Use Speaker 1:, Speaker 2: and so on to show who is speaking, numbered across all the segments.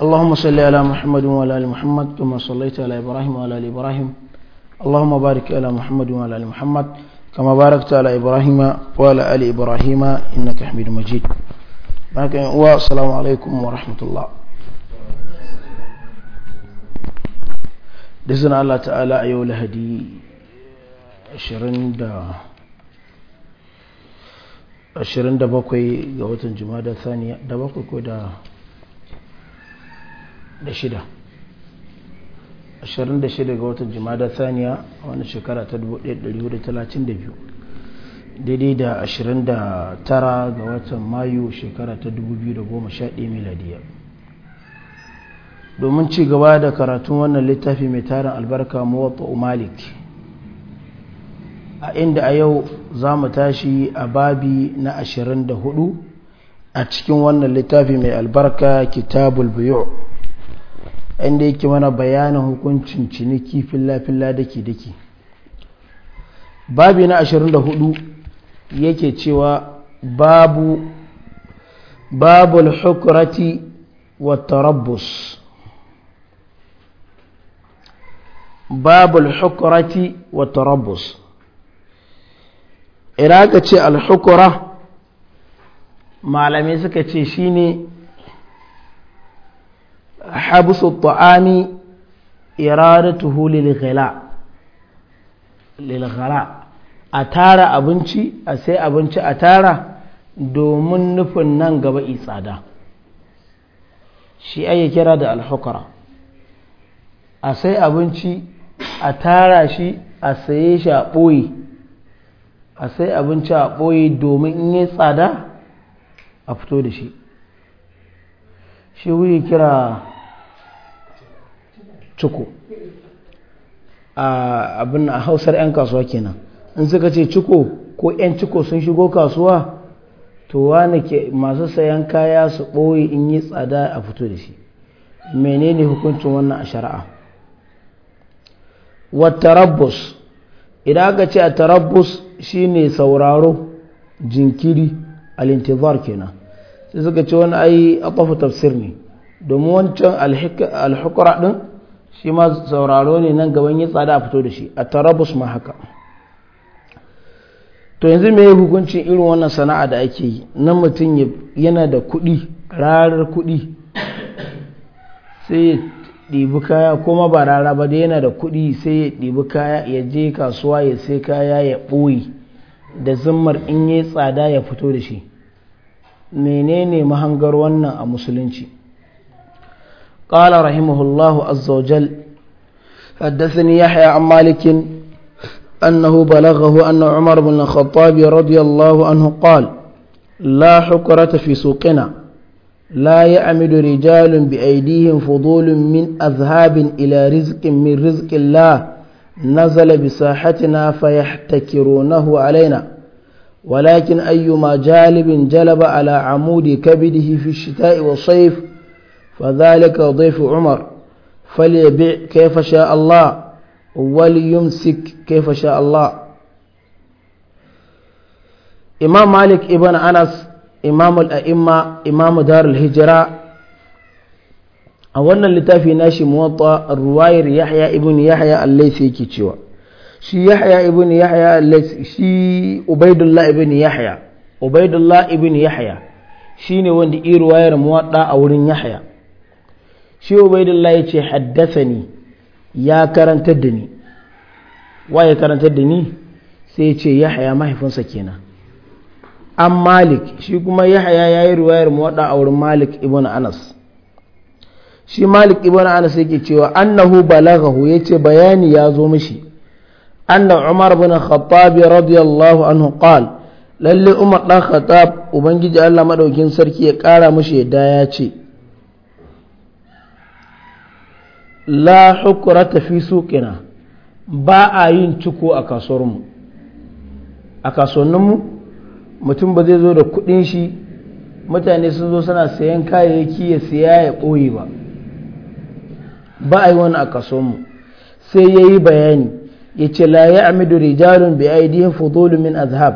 Speaker 1: اللهم صل على محمد وعلى ال محمد كما صليت على ابراهيم وعلى ال ابراهيم اللهم بارك على محمد وعلى ال محمد كما باركت على ابراهيم وعلى ال ابراهيم انك حميد مجيد والسلام عليكم ورحمه الله da zina Allah ta'ala a yau lahadi 27 ga watan jima'a da sani da bakwai ko da shida shida ga watan jimada saniya a wani shekara ta 1432 daidai da 29 ga watan mayu shekara ta 2011 miladiya domin ci gaba da karatun wannan littafi mai tarin albarka mawata malik a inda a yau za mu tashi a babi na 24 a cikin wannan littafi mai albarka kitabul biyu. inda yake mana bayanin hukuncin ciniki filla-filla daki-daki babi na 24 yake cewa babu babul hukurati wa tarabbus babul hukurati wa tarabbus ina ka ce alhukura malamai suka ce shine حبس الطعام إرادته للغلاء للغلاء أتارى أبنشي أسي a tara domin nufin nan gaba tsada shi aya kira da alhukara a sai abinci a tara shi a saye shi a ɓoye sai abinci a ɓoye domin in yi tsada a fito da shi shi kira cuku a abin a hausar 'yan kasuwa kenan in suka ce cuku ko 'yan ciko sun shigo kasuwa to wani ke masu sayan kaya su ɓoye in yi tsada a fito da shi menene hukuncin wannan a shari'a watarabbus idan aka ce a tarabbus shine sauraro jinkiri alintizar kenan sai suka ce wani ayi a tafsir ne domin wancan alhukura din shi ma sauraro ne nan gaban yi tsada a fito da shi a tarabus ma haka to yanzu me hukuncin irin wannan sana'a da ake yi nan mutum yana da kuɗi rarar kuɗi sai ya ɗibi kaya kuma ba rara ba da yana da kuɗi sai ya ɗibi kaya ya je kasuwa ya sai kaya ya ɓoye da zimmar in yi tsada ya fito da shi menene mahangar wannan a musulunci قال رحمه الله عز وجل حدثني يحيى عن مالك أنه بلغه أن عمر بن الخطاب رضي الله عنه قال لا حكرة في سوقنا لا يعمد رجال بأيديهم فضول من أذهاب إلى رزق من رزق الله نزل بساحتنا فيحتكرونه علينا ولكن أيما جالب جلب على عمود كبده في الشتاء والصيف فذلك ضيف عمر فليبيع كيف شاء الله وليمسك كيف شاء الله إمام مالك ابن أنس إمام الأئمة إمام دار الهجرة أولا لتافي ناشي موطأ الرواير يحيى ابن يحيى الليثي كتشوا شي يحيى ابن يحيى الليثي شي عبيد الله ابن يحيى عبيد الله ابن يحيى shine wanda i ruwayar muwadda a wurin Yahya shi ubaidullah ya ce haddasani ya karantar da ni wa ya karantar da ni sai ya ce yahya mahaifinsa kenan an malik shi kuma yahaya ya yi ruwayar muwaɗa a wurin malik ibn anas shi malik ibn anas yake cewa annahu balagahu ya ce bayani ya zo mishi anna umar bin khattabi radiyallahu anhu kal lalle umar dan khattab ubangiji Allah madaukin sarki ya kara mishi da ya ce la hukurata fi suƙina ba a yin ciko a kasuwarmu a kasuwanninmu mutum ba zai zo da kuɗin shi mutane sun zo suna sayan kayayyaki ya siya ya ɓoye ba ba a yi wani a kasuwanmu sai ya yi bayani ya ce la ya amidu rijalun bi aidihin fudulu min azhab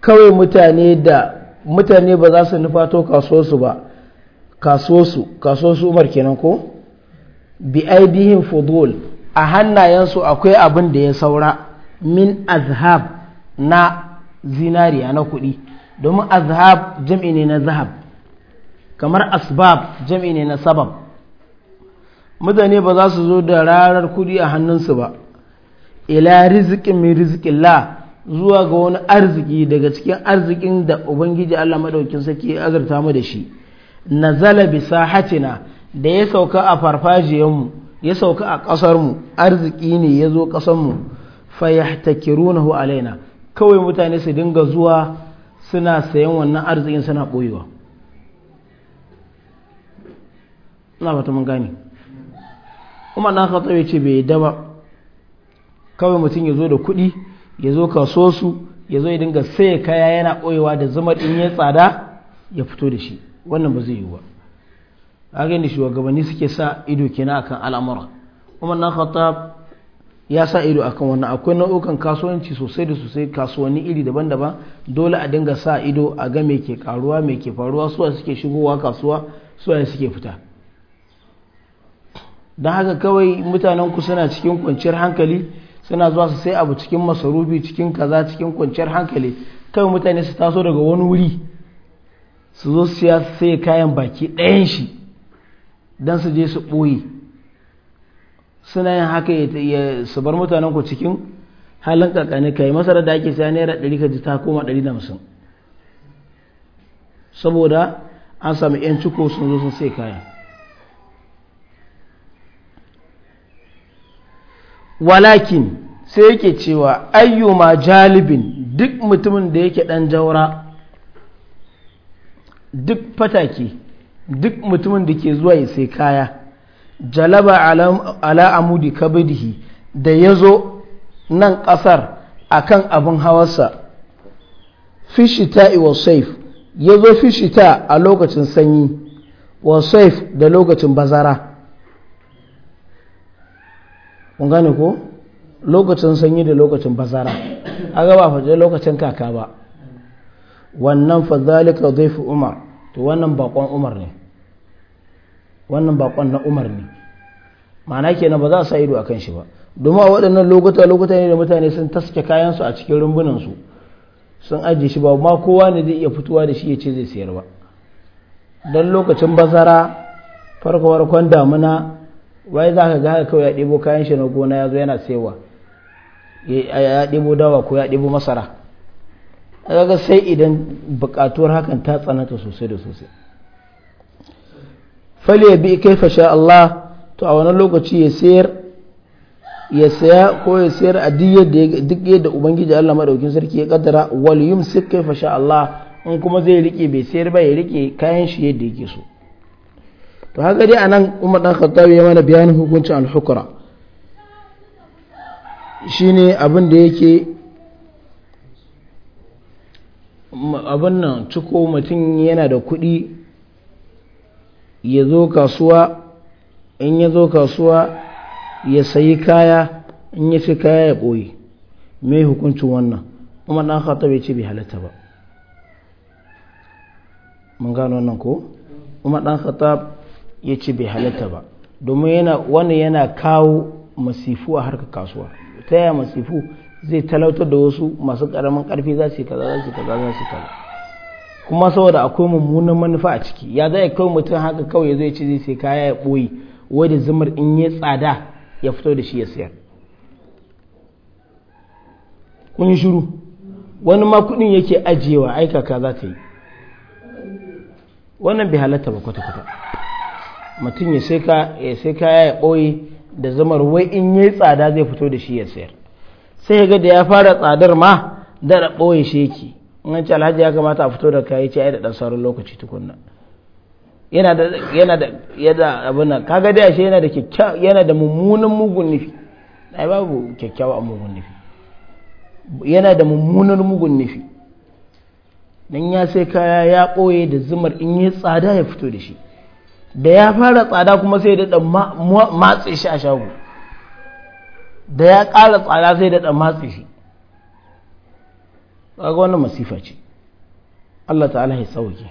Speaker 1: kawai mutane da mutane ba za su nufato kasuwarsu ba kasuwarsu kasuwarsu umar kenan ko bi aidihim fudul a hannayensu akwai abin da ya saura min azhab na zinariya na kuɗi domin azhab jam'i ne na zahab kamar asbab jam'i ne na sabab mutane ba za su zo da rarar kuɗi a hannunsu ba ila rizikin mai rizikin la zuwa ga wani arziki daga cikin arzikin da ubangiji allah maɗaukin sarki ya azurta mu da shi nazala bi sahatina da ya sauka a farfajiyanmu ya sauka a ƙasarmu arziki ne ya zo ƙasarmu na alaina kawai mutane su dinga zuwa suna sayan wannan arzikin suna ɓoyewa na fata mun gane kuma na ka tsaye ce bai daba kawai mutum ya zo da kuɗi ya zo kaso su ya zo ya dinga sai kaya yana ɓoyewa da zama ɗin ya tsada ya fito da shi wannan ba zai yi ba kaga da shugabanni suke sa ido kenan akan al'amura Umar na Khattab ya sa ido akan wannan akwai nau'ukan kasuwanci sosai da sosai kasuwanni iri daban-daban dole a dinga sa ido a ga me ke karuwa me ke faruwa suwa suke shigowa kasuwa suwa suke fita don haka kawai mutanen ku suna cikin kwanciyar hankali suna zuwa su sai abu cikin masarufi cikin kaza cikin kwanciyar hankali kawai mutane su taso daga wani wuri su zo su sai kayan baki ɗayan shi don su je su ɓoye suna yin haka ya su bar mutanen ku cikin halin kakani kai masarar da ake saya naira ɗari ka ji ta koma ɗari da hamsin saboda an samu 'yan ciko sun zo sun sai kaya walakin sai yake cewa ayyuma jalibin duk mutumin da yake ɗan jaura duk fataki duk mutumin da ke zuwa ya sai kaya jalaba ala amudi kabadihi da ya zo nan ƙasar kan abin hawarsa fishita iwa saif ya zo fishita a lokacin sanyi wa saif da lokacin bazara kun gane ko lokacin sanyi da lokacin bazara a gaba fajar lokacin kaka ba wannan fazalika zai fi umar to wannan bakon umar ne wannan bakon na umar ne ma'ana kenan ba za su ido kan shi ba domin a waɗannan lokuta lokuta ne da mutane sun taske kayansu a cikin rumbunansu sun ajiye shi ba ma kowa ne zai iya fitowa da shi ya ce zai sayar ba don lokacin bazara farko kwan damuna wai za ka ga kawai ya ɗebo kayan shi na gona ya zo yana sayarwa ya ɗebo dawa ko ya ɗebo masara daga sai idan bukatuwar hakan ta tsananta sosai da sosai fali ya bi kaifa sha Allah to a wani lokaci ya sayar ya saya ko ya sayar a duk yadda ubangiji Allah madaukin sarki ya kaddara wal yumsik kaifa sha Allah in kuma zai rike bai sayar ba ya rike kayan shi yadda yake so to haka dai anan Umar dan Khattab ya mana bayanin hukuncin al-hukra shine abin da yake abin nan ciko mutum yana da kuɗi ya zo kasuwa in ya zo kasuwa ya sayi kaya in ya fi kaya ya ɓoye mai hukuncin wannan kuma ɗan hata bai ce bai halatta ba mun gano wannan ko kuma ɗan hata ya ce bai halatta ba domin yana wani yana kawo masifu a harkar kasuwa ta yaya masifu zai talautar da wasu masu karamin karfi za su yi kaza za su yi kaza za su kaza kuma saboda akwai mummunan manufa a ciki ya zai kai mutum haka kawai zai ci zai sai kaya ya boye wadda zumar in ya tsada ya fito da shi ya sayar kun yi shiru wani ma kudin yake ajiyewa aika ka za ta yi wannan bai halatta ba kwata-kwata mutum ya sai kaya ya boye da zumar wai in ya tsada zai fito da shi ya sayar sai ga da ya fara tsadar ma da ɓoye shi yake in ce alhaji ya kamata a fito da kayi ce ai da ɗan sauran lokaci tukunna yana da yana da yana abin nan kaga da ashe yana da kyakkyawa yana da mummunan mugun nufi ai babu kyakkyawa mugun nufi yana da mummunan mugun nufi dan ya sai kaya ya ɓoye da zumar in yi tsada ya fito da shi da ya fara tsada kuma sai da matse shi a shago da ya ƙara tsada zai daɗa matsi shi ƙaga wannan masifa ce Allah ta'ala ya sauke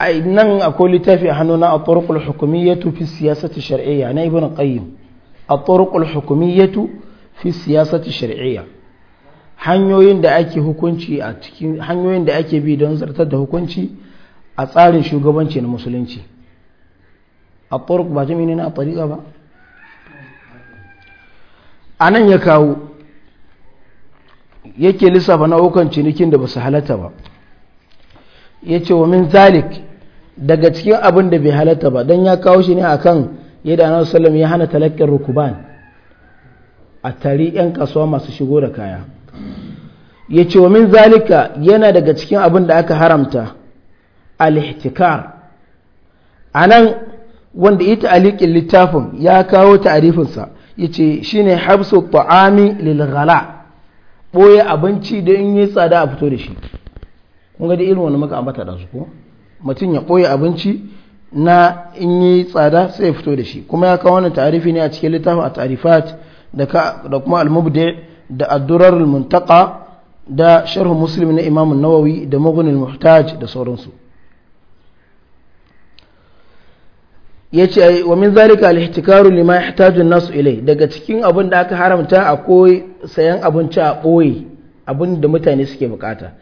Speaker 1: a nan akwai littafi a hannu na a turkul hukumiyyatu fi siyasati shari'a na na ƙayyum a turkul hukumiyyatu fi siyasati shari'a hanyoyin da ake hukunci a cikin hanyoyin da ake bi don zartar da hukunci a tsarin shugabanci na musulunci a turk ba jami'in na a tariqa ba a nan ya kawo yake lissafa nau'ukan cinikin da ba su halatta ba ya ce wa min zalik daga cikin abin da bai halatta ba don ya kawo shi ne a kan yadda annabi wasu ya hana talakkin rukuban a tari 'yan kasuwa masu shigo da kaya ya ce wa min zalika yana daga cikin abin da aka haramta alihtikar a nan wanda ita alikin littafin ya kawo ta'arifinsa yace shine habsu ta'ami lil ghala boye abinci da in yi tsada a fito da shi kun ga da irin wannan muka ambata da su ko mutum ya boye abinci na in yi tsada sai ya fito da shi kuma ya kawo wannan ta'arifi ne a cikin littafin a tarifat da kuma al-mubdi da ad-durar al-muntaqa da sharh muslim na imam an-nawawi da maghni al-muhtaj da sauransu ya yace wa min zalika al-ihtikaru lima yahtaju an-nasu ilai daga cikin abin da aka haramta akwai sayan abinci a boye abin da mutane suke bukata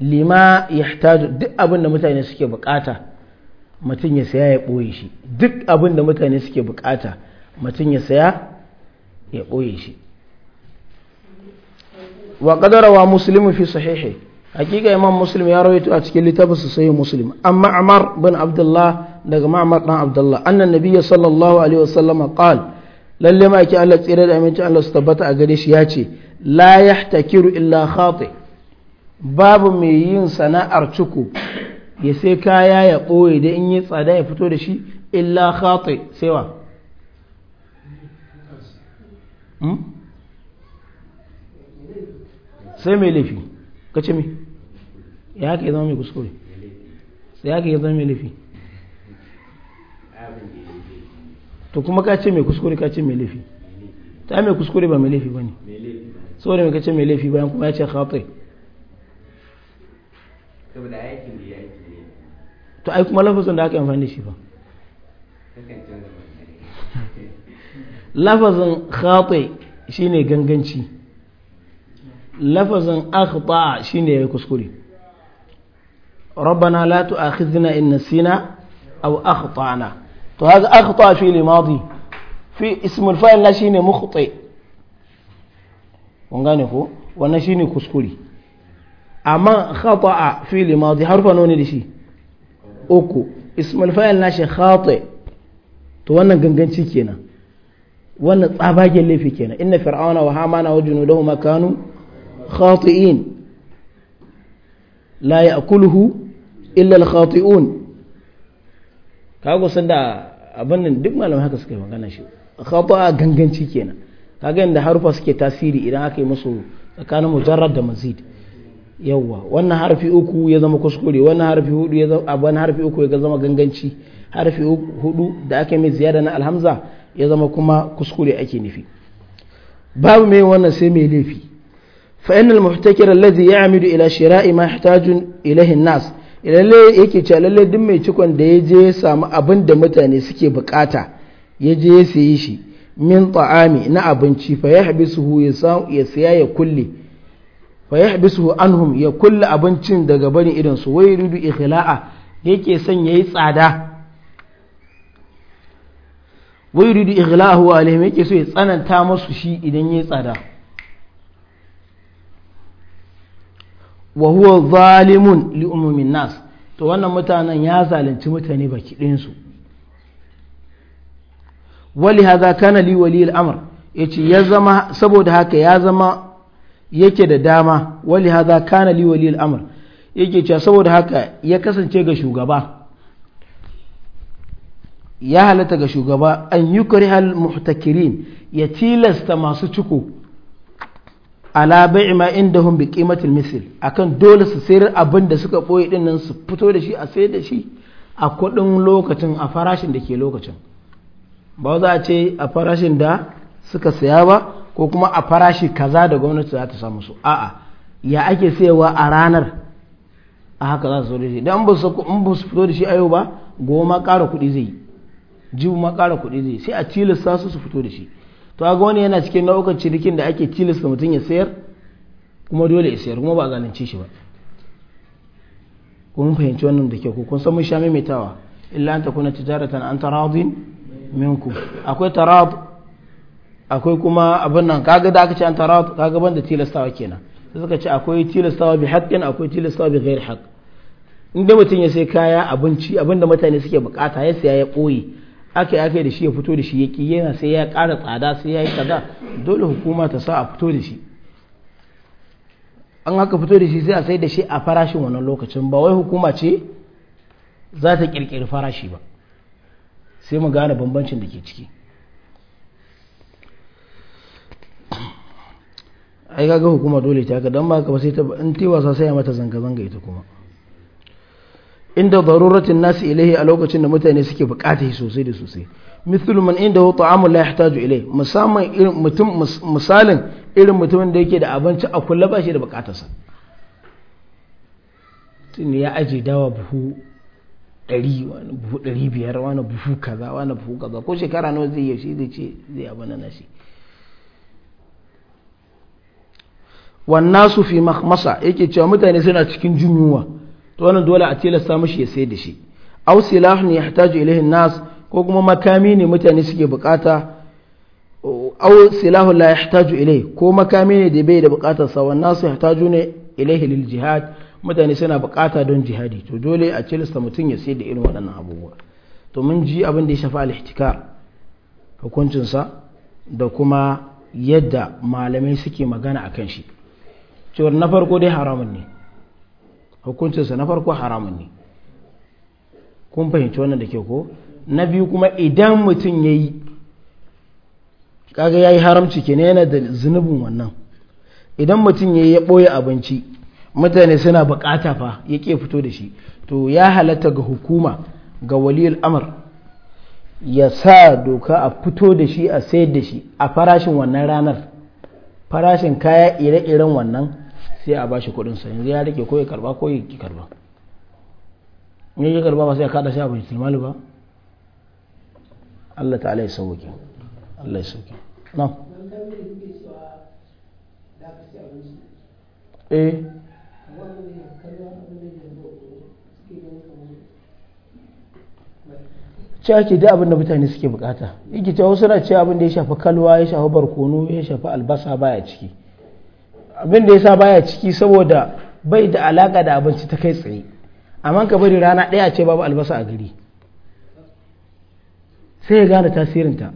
Speaker 1: lima yahtaju duk abin da mutane suke bukata mutum ya saya ya boye shi duk abin da mutane suke bukata mutum ya saya ya boye shi wa wa muslimu fi sahihi hakika imam muslim ya rawaito a cikin littafin sahih muslim amma amar bin abdullah daga Muhammad dan Abdullah annan nabiyyi sallallahu alaihi wasallam qal lalle ma yake Allah tsira da aminci Allah su tabbata a gare shi ya ce la yahtakiru illa khati babu mai yin sana'ar cuku ya sai kaya ya ɓoye da in yi tsada ya fito da shi illa khati sai wa hmm? sai mai laifi ka ce me ya haka ya zama mai kuskure sai haka ya zama mai laifi to kuma ka ce mai kuskure ka ce mai laifi ta mai kuskure ba mai laifi ba ne saboda mai ka ce mai laifi bayan kuma ya ce khatai to ai kuma lafazin da aka yi amfani da shi ba lafazin khatai shine ganganci lafazin akhta shine ya kuskure ربنا لا تؤاخذنا إن نسينا أو أخطأنا to haka akhta fi'li madi fi ismul fa'il na shine mukhti kun gane ko wannan shine kuskure amma khata'a fi'li madi harfa nawa ne da shi uku ismul fa'il na shi khati to wannan ganganci kenan wannan tsabagen laifi kenan inna fir'auna wa hamana wa junudahuma kanu khati'in la ya'kuluhu illa al-khati'un kago san da abin nan duk malamai haka suka yi magana shi khata ganganci kenan kaga yanda harufa suke tasiri idan aka yi musu tsakanin mujarrad da mazid yawwa wannan harfi uku ya zama kuskure wannan harfi hudu ya zama harfi uku ya zama ganganci harfi hudu da aka mai ziyada na alhamza ya zama kuma kuskure ake nufi babu mai wannan sai mai laifi fa innal muhtakir alladhi ya'midu ila shira'i ma yahtaju ilayhi an-nas lalle yake cewa lalle duk mai cikon da ya je ya samu abin da mutane suke bukata ya je ya sayi shi min ta'ami na abinci fa ya su ya ya saya ya kulle fa ya su anhum ya kulle abincin daga barin idan su wai rudu ikhla'a yake son yayi tsada wai ridu ikhla'ahu alaihim yake so ya tsananta musu shi idan yayi tsada wa huwa zalimun li umumin nas to wannan mutanen ya zalunci mutane baki ɗinsu wali haza kana li wali al'amr yace ya zama saboda haka ya zama yake da dama wali haza kana li wali al'amr yake cewa saboda haka ya kasance ga shugaba ya halatta ga shugaba an yukri al muhtakirin ya tilasta masu ciko ala bai ma hun bi qimatil misil akan dole su sayar abin da suka boye din nan su fito da shi a sayar da shi a kuɗin lokacin a farashin da ke lokacin ba za a ce a farashin da suka saya ba ko kuma a farashi kaza da gwamnati za ta samu su a'a ya ake sayawa a ranar a haka za su da shi dan ba su fito da shi a yau ba goma ƙara kuɗi zai yi jibu ma ƙara kuɗi zai yi, sai a tilasta su su fito da shi to a wani yana cikin nau'ukan cinikin da ake tilasta mutum ya sayar kuma dole ya sayar kuma ba a ganin shi ba kun fahimci wannan da kyau ko kun san mun sha maimaitawa illa an takuna tijaratan an taradin minku akwai tarad akwai kuma abin nan kaga da aka ce an tarad kaga banda tilastawa kenan sai suka ce akwai tilastawa bi haqqin akwai tilastawa bi ghairi haqq inda mutum ya sai kaya abinci abinda mutane suke bukata ya siya ya koyi aka yi aka da shi ya fito da shi ya ƙi yana sai ya ƙara tsada sai ya yi kaza dole hukuma ta sa a fito da shi an haka fito da shi sai a sai da shi a farashin wannan lokacin ba wai hukuma ce za ta ƙirƙiri farashi ba sai mu gane bambancin da ke ciki ai kaga hukuma dole ta ka dan ba ka ba sai ta in ta wasa sai ya mata zanga zanga ita kuma inda daruratin nasu ilaihi a lokacin da mutane suke bukata sosai da sosai mithlu man inda hu ta'amun la yahtaju ilai musamman irin mutum misalin irin mutumin da yake da abinci a kulla ba shi da bukatarsa tun ya aje dawa buhu ɗari wani buhu 500 biyar wani buhu kaza wani buhu kaza ko shekara nawa zai yaushe zai ce zai abana na shi wannan su fi masa yake cewa mutane suna cikin jumuwa to wannan dole a tilasta mishi ya sai da shi aw silahun yahtaju ilayhi nas ko kuma makami ne mutane suke bukata aw silahun la yahtaju ilayhi ko makami ne da bai da bukatar sa wannan su yahtaju ne ilayhi lil jihad mutane suna bukata don jihadi to dole a tilasta mutum ya sai da irin waɗannan abubuwa to mun ji abin da ya shafa al-ihtikar hukuncinsa da kuma yadda malamai suke magana akan shi cewar na farko dai haramun ne hukuncinsa na farko haramun ne kun fahimci wannan da ke ko na biyu kuma idan mutum ya yi kaga ya yi haramci ke yana da zunubin wannan idan mutum ya yi ya ɓoye abinci mutane suna bukata fa ya ke fito da shi to ya halatta ga hukuma ga waliyul amr ya sa doka a fito da shi a sayar da shi a farashin wannan ranar farashin kaya ire-iren wannan sai a bashi kuɗin sa yanzu ya rike ko ya karba ko ya ki karba in ya karba ba sai ka da shi a baitul malu ba Allah ta'ala ya sauke Allah ya sauke na eh ce ake da abin da mutane suke bukata ikita cewa wasu na ce abin da ya shafi kalwa ya shafi barkono ya shafi albasa baya ciki abin da ya sa baya ciki saboda bai da alaka da abinci ta kai tsaye amma ka bari rana ɗaya ce babu albasa a gari sai ya gane tasirinta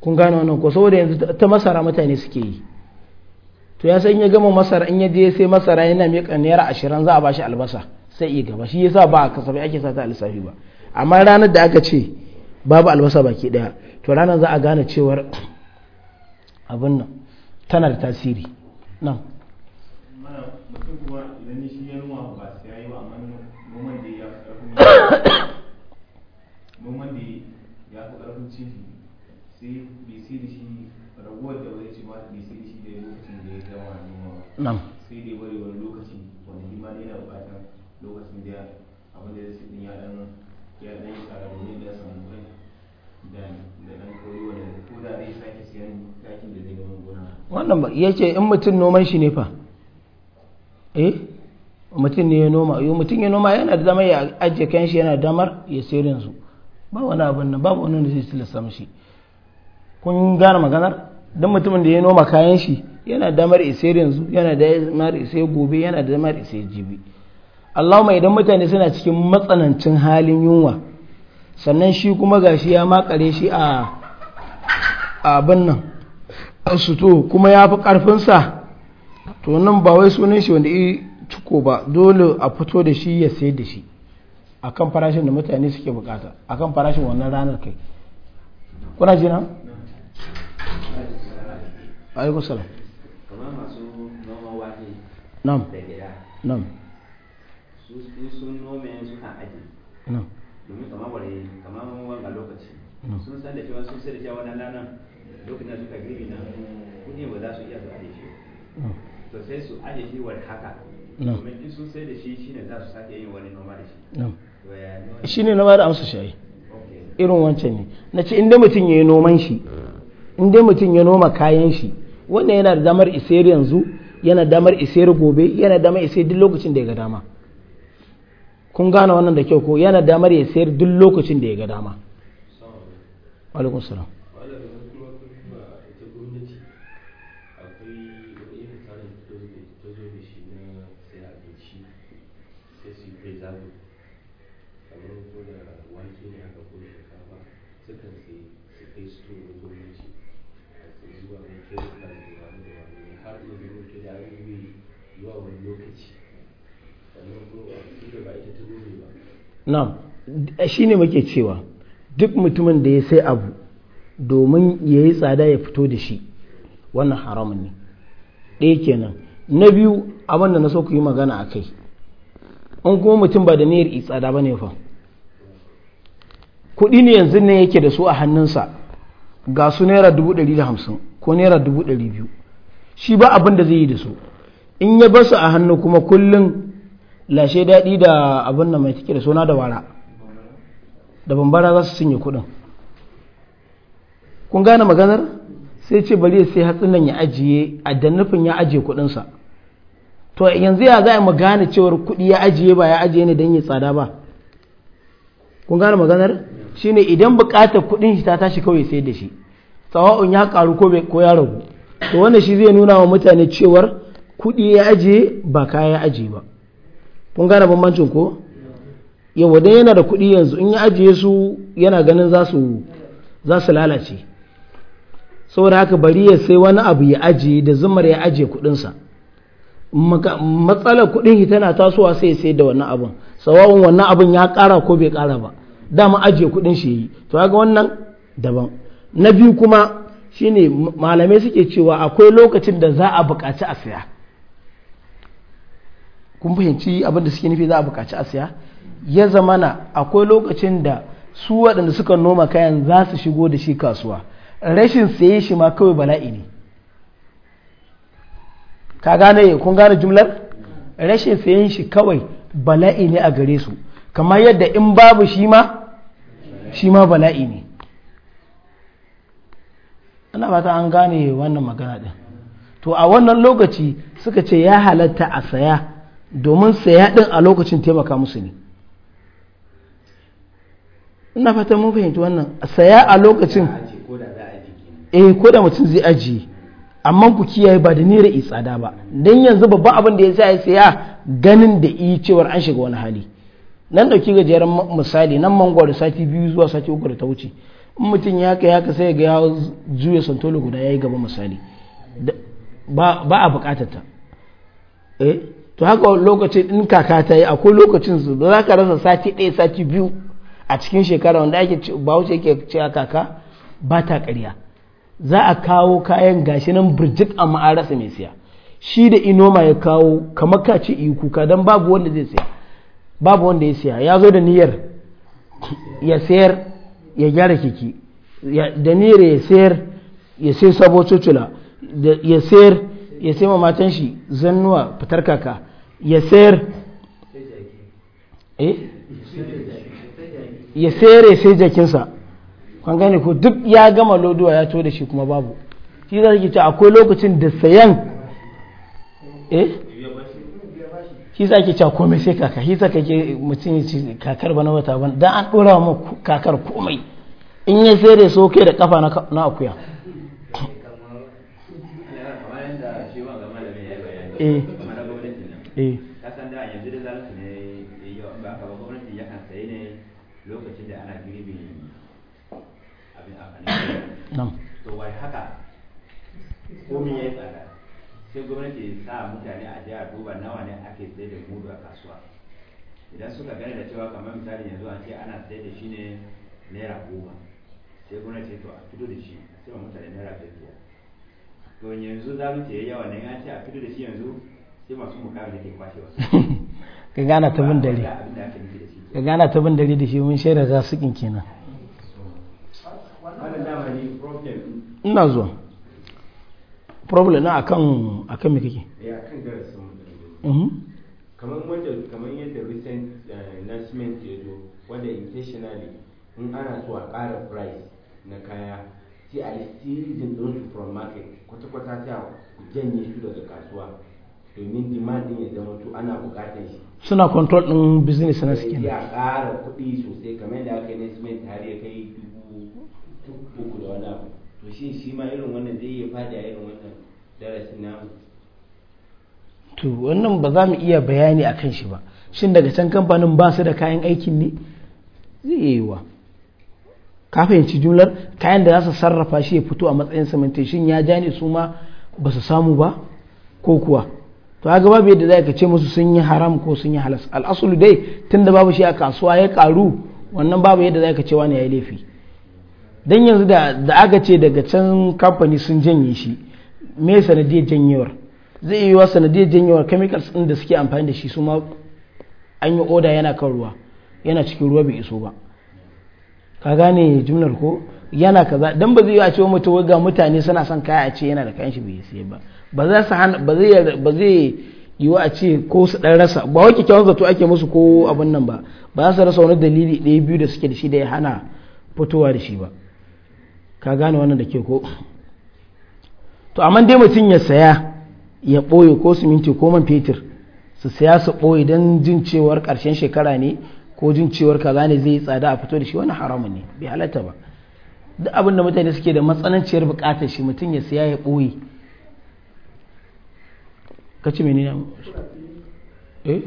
Speaker 1: kun gane wannan ko saboda yanzu ta masara mutane suke yi to ya san ya gama masara in ya je sai masara yana miƙa naira ashirin za a ba shi albasa sai iya gaba shi yasa ba a kasafai ake ta lissafi ba amma ranar da aka ce babu albasa baki ɗaya to ranar za a gane cewar abin nan tana da tasiri na
Speaker 2: mutum idan shi ya nuna ba sai yayi amma da ya fi sai da shi da ba bai sai da shi lokacin da ya zama noma ba sai dai bari wani lokaci lokacin da abin da zai sai ya dan ya dan yi tsara domin da samu kai wannan
Speaker 1: ya ce in mutum noman shi ne fa eh mutum ne ya noma yau mutum ya noma yana da damar ya ajiye kan shi yana damar ya sayar su ba wani abin nan babu wani da zai tilasta mishi kun gane maganar don mutumin da ya noma kayan shi yana damar ya sayar yanzu yana da damar ya sayar gobe yana da damar ya sayar jibi Allahumma idan mutane suna cikin matsanancin halin yunwa sannan shi kuma gashi ya makare shi a abin nan suto kuma ya fi ƙarfinsa to nan ba wai sunan shi wanda i ciko ba dole a fito da shi ya sayar da shi a kan farashin da mutane suke bukata a kan farashin wannan ranar kai kuna ji nan? alaikun salam
Speaker 2: kama masu noman wake nam da gida nam su sun nome suna aji nam domin kama ware kamar wanga lokaci mm. sun san da cewa sun sai da cewa wannan lanan lokacin da suka girbi na kuɗi ba za su iya su aje shi mm. to sai su ajiye shi wani haka mm. domin in sun sai da shi shine za su sake yin wani noma da shi shine noma
Speaker 1: da amsa shi irin wancan ne na ce inda mutum ya yi noman shi inda mutum ya noma kayan shi wannan yana da damar isere yanzu yana damar isere gobe yana damar isere duk lokacin da ya ga dama kun gane wannan da kyau ko yana damar ya sayar duk lokacin da ya ga dama alaikum salam na'am shine muke cewa duk mutumin da ya sai abu domin ya yi tsada ya fito da shi wannan haramun ne ɗaya kenan na biyu abin da na so ku yi magana a kai in kuma mutum ba da niyyar yi tsada ba ne fa kuɗi ne yanzu ne yake da su a hannunsa ga su naira dubu ɗari da hamsin ko naira dubu ɗari biyu shi ba abin da zai yi da su in ya basu a hannu kuma kullum lashe daɗi da abin da mai take da suna da wara da bambara za su cinye kuɗin kun gane maganar sai ce bari sai hatsin ya ajiye a da nufin ya ajiye kuɗinsa to yanzu ya za a mu gane cewar kuɗi ya ajiye ba ya ajiye ne don ya tsada ba kun gane maganar shine idan buƙatar kuɗin shi ta tashi kawai sai da shi tsawa'un ya karu ko ya ragu to wannan shi zai nuna wa mutane cewar kuɗi ya ajiye ba kaya ya ajiye ba kun gane bambancin ko yawa dai yana da kuɗi yanzu in ya ajiye su yana ganin za su lalace saboda haka bari ya sai wani abu ya ajiye da zumar ya ajiye kuɗinsa matsalar kuɗin shi tana tasowa sai ya sai da wannan abun sawa'un wannan abun ya ƙara ko bai ƙara ba dama ajiye kuɗin shi yi to ga wannan daban na biyu kuma shine malamai suke cewa akwai lokacin da za a buƙaci a saya kun fahimci abin da suke nufi za a bukaci a siya ya zamana akwai lokacin da su waɗanda suka noma kayan za su shigo da shi kasuwa rashin saye shi ma kawai bala'i ne ka gane kun gane jumlar rashin sayen shi kawai bala'i ne a gare su kamar yadda in babu shi ma shi ma bala'i ne ana fata an gane wannan magana ɗin to a wannan lokaci suka ce ya halatta a saya domin saya din a lokacin taimaka musu ne ina fata mun fahimci wannan saya a lokacin eh ko da mutum zai ajiye amma ku kiyaye ba da naira i tsada ba dan yanzu babban abin da ya sa ya saya ganin da i cewar an shiga wani hali nan dauki gajeren misali nan mangwaro sati biyu zuwa sati uku da ta wuce in mutum ya kai haka sai ga ya juya santolo guda ya yi gaba misali ba a bukatar ta eh, to haka lokacin in kaka ta yi akwai lokacin su za ka rasa sati ɗaya sati biyu a cikin shekara wanda ake wuce yake cewa kaka ba ta ƙarya za a kawo kayan gashi nan birjik amma an rasa mai siya shi da inoma ya kawo kamar ka ce iku kuka don babu wanda zai siya babu wanda ya siya ya zo da niyyar ya sayar ya gyara kiki da niyyar ya sayar ya sai sabo cucula ya sayar ya sai mamatan shi zannuwa fitar kaka ya sayar
Speaker 2: eh ya ya sai jakinsa
Speaker 1: kan gane ko duk ya gama loduwa ya to da shi kuma babu shi za ki ce akwai lokacin da sayan eh shi za ki ce komai sai kaka shi za ka ke mutum ya ci kakar ba na wata ban dan an dora mu kakar komai in ya sayar ya so kai da kafa na akuya
Speaker 2: eh eh kasan da yanzu da zalunci ne eh, ba gwamnati ya kan sai ne lokacin da ana girbin abin amfani to wai haka tsada sai gwamnati sa mutane a je a duba nawa ne ake sai da mudu a kasuwa idan suka da cewa kamar misali yanzu an ce ana sai da shi ne naira goma sai gwamnati to a fito da shi sai mutane naira biyar to yanzu zalunci yayi yawa ne an ce a fito da shi yanzu
Speaker 1: ka gana ta bin dare ka gana ta bin dare da shi mun shaida za su kin kenan ina zuwa problem na akan akan
Speaker 2: me kake eh, mhm. kamar wanda kamar yadda recent eh, announcement ya zo wanda intentionally in ana so a ƙara price na kaya sai a yi series din from market kwata-kwata ta janye su daga kasuwa domin demand ya zama to ana bukatar shi
Speaker 1: suna control din business na suke
Speaker 2: ya kara kuɗi sosai kamar da aka yi investment har ya kai dubu uku da wani abu to shi shi ma irin wannan zai iya fadi a irin wannan darasin namu
Speaker 1: to wannan ba za mu iya bayani a kan shi ba shin daga can kamfanin ba su da kayan aikin ne zai iya wa ka fahimci jumlar kayan da za su sarrafa shi ya fito a matsayin samantai shin ya ja ne su ma ba su samu ba ko kuwa to haka babu yadda za ka ce musu sun yi haram ko sun yi halas al'asulu dai tun da babu shi a kasuwa ya karu wannan babu yadda za ka ce wani ya yi laifi don yanzu da aka ce daga can kamfani sun janye shi me sanadiyar janyewar zai yi wa sanadiyar janyewar chemicals din da suke amfani da shi su ma an yi oda yana kan ruwa yana cikin ruwa bai iso ba ka gane jimlar ko yana kaza dan ba zai yi a ce ga mutane suna son kaya a ce yana da kayan shi bai siye ba ba za su ba zai ba zai yi wa a ce ko su dan rasa ba wa kyakkyawan zato ake musu ko abin nan ba ba za su rasa wani dalili ɗaya biyu da suke da shi da ya hana fitowa da shi ba ka gane wannan da ke ko to amma dai mutum ya saya ya ɓoye ko siminti ko man fetur su saya su ɓoye don jin cewar ƙarshen shekara ne ko jin cewar kaza ne zai yi tsada a fito da shi wani haramun ne bai halatta ba duk abin da mutane suke da matsananciyar buƙatar shi mutum ya saya ya ɓoye ka ci menene eh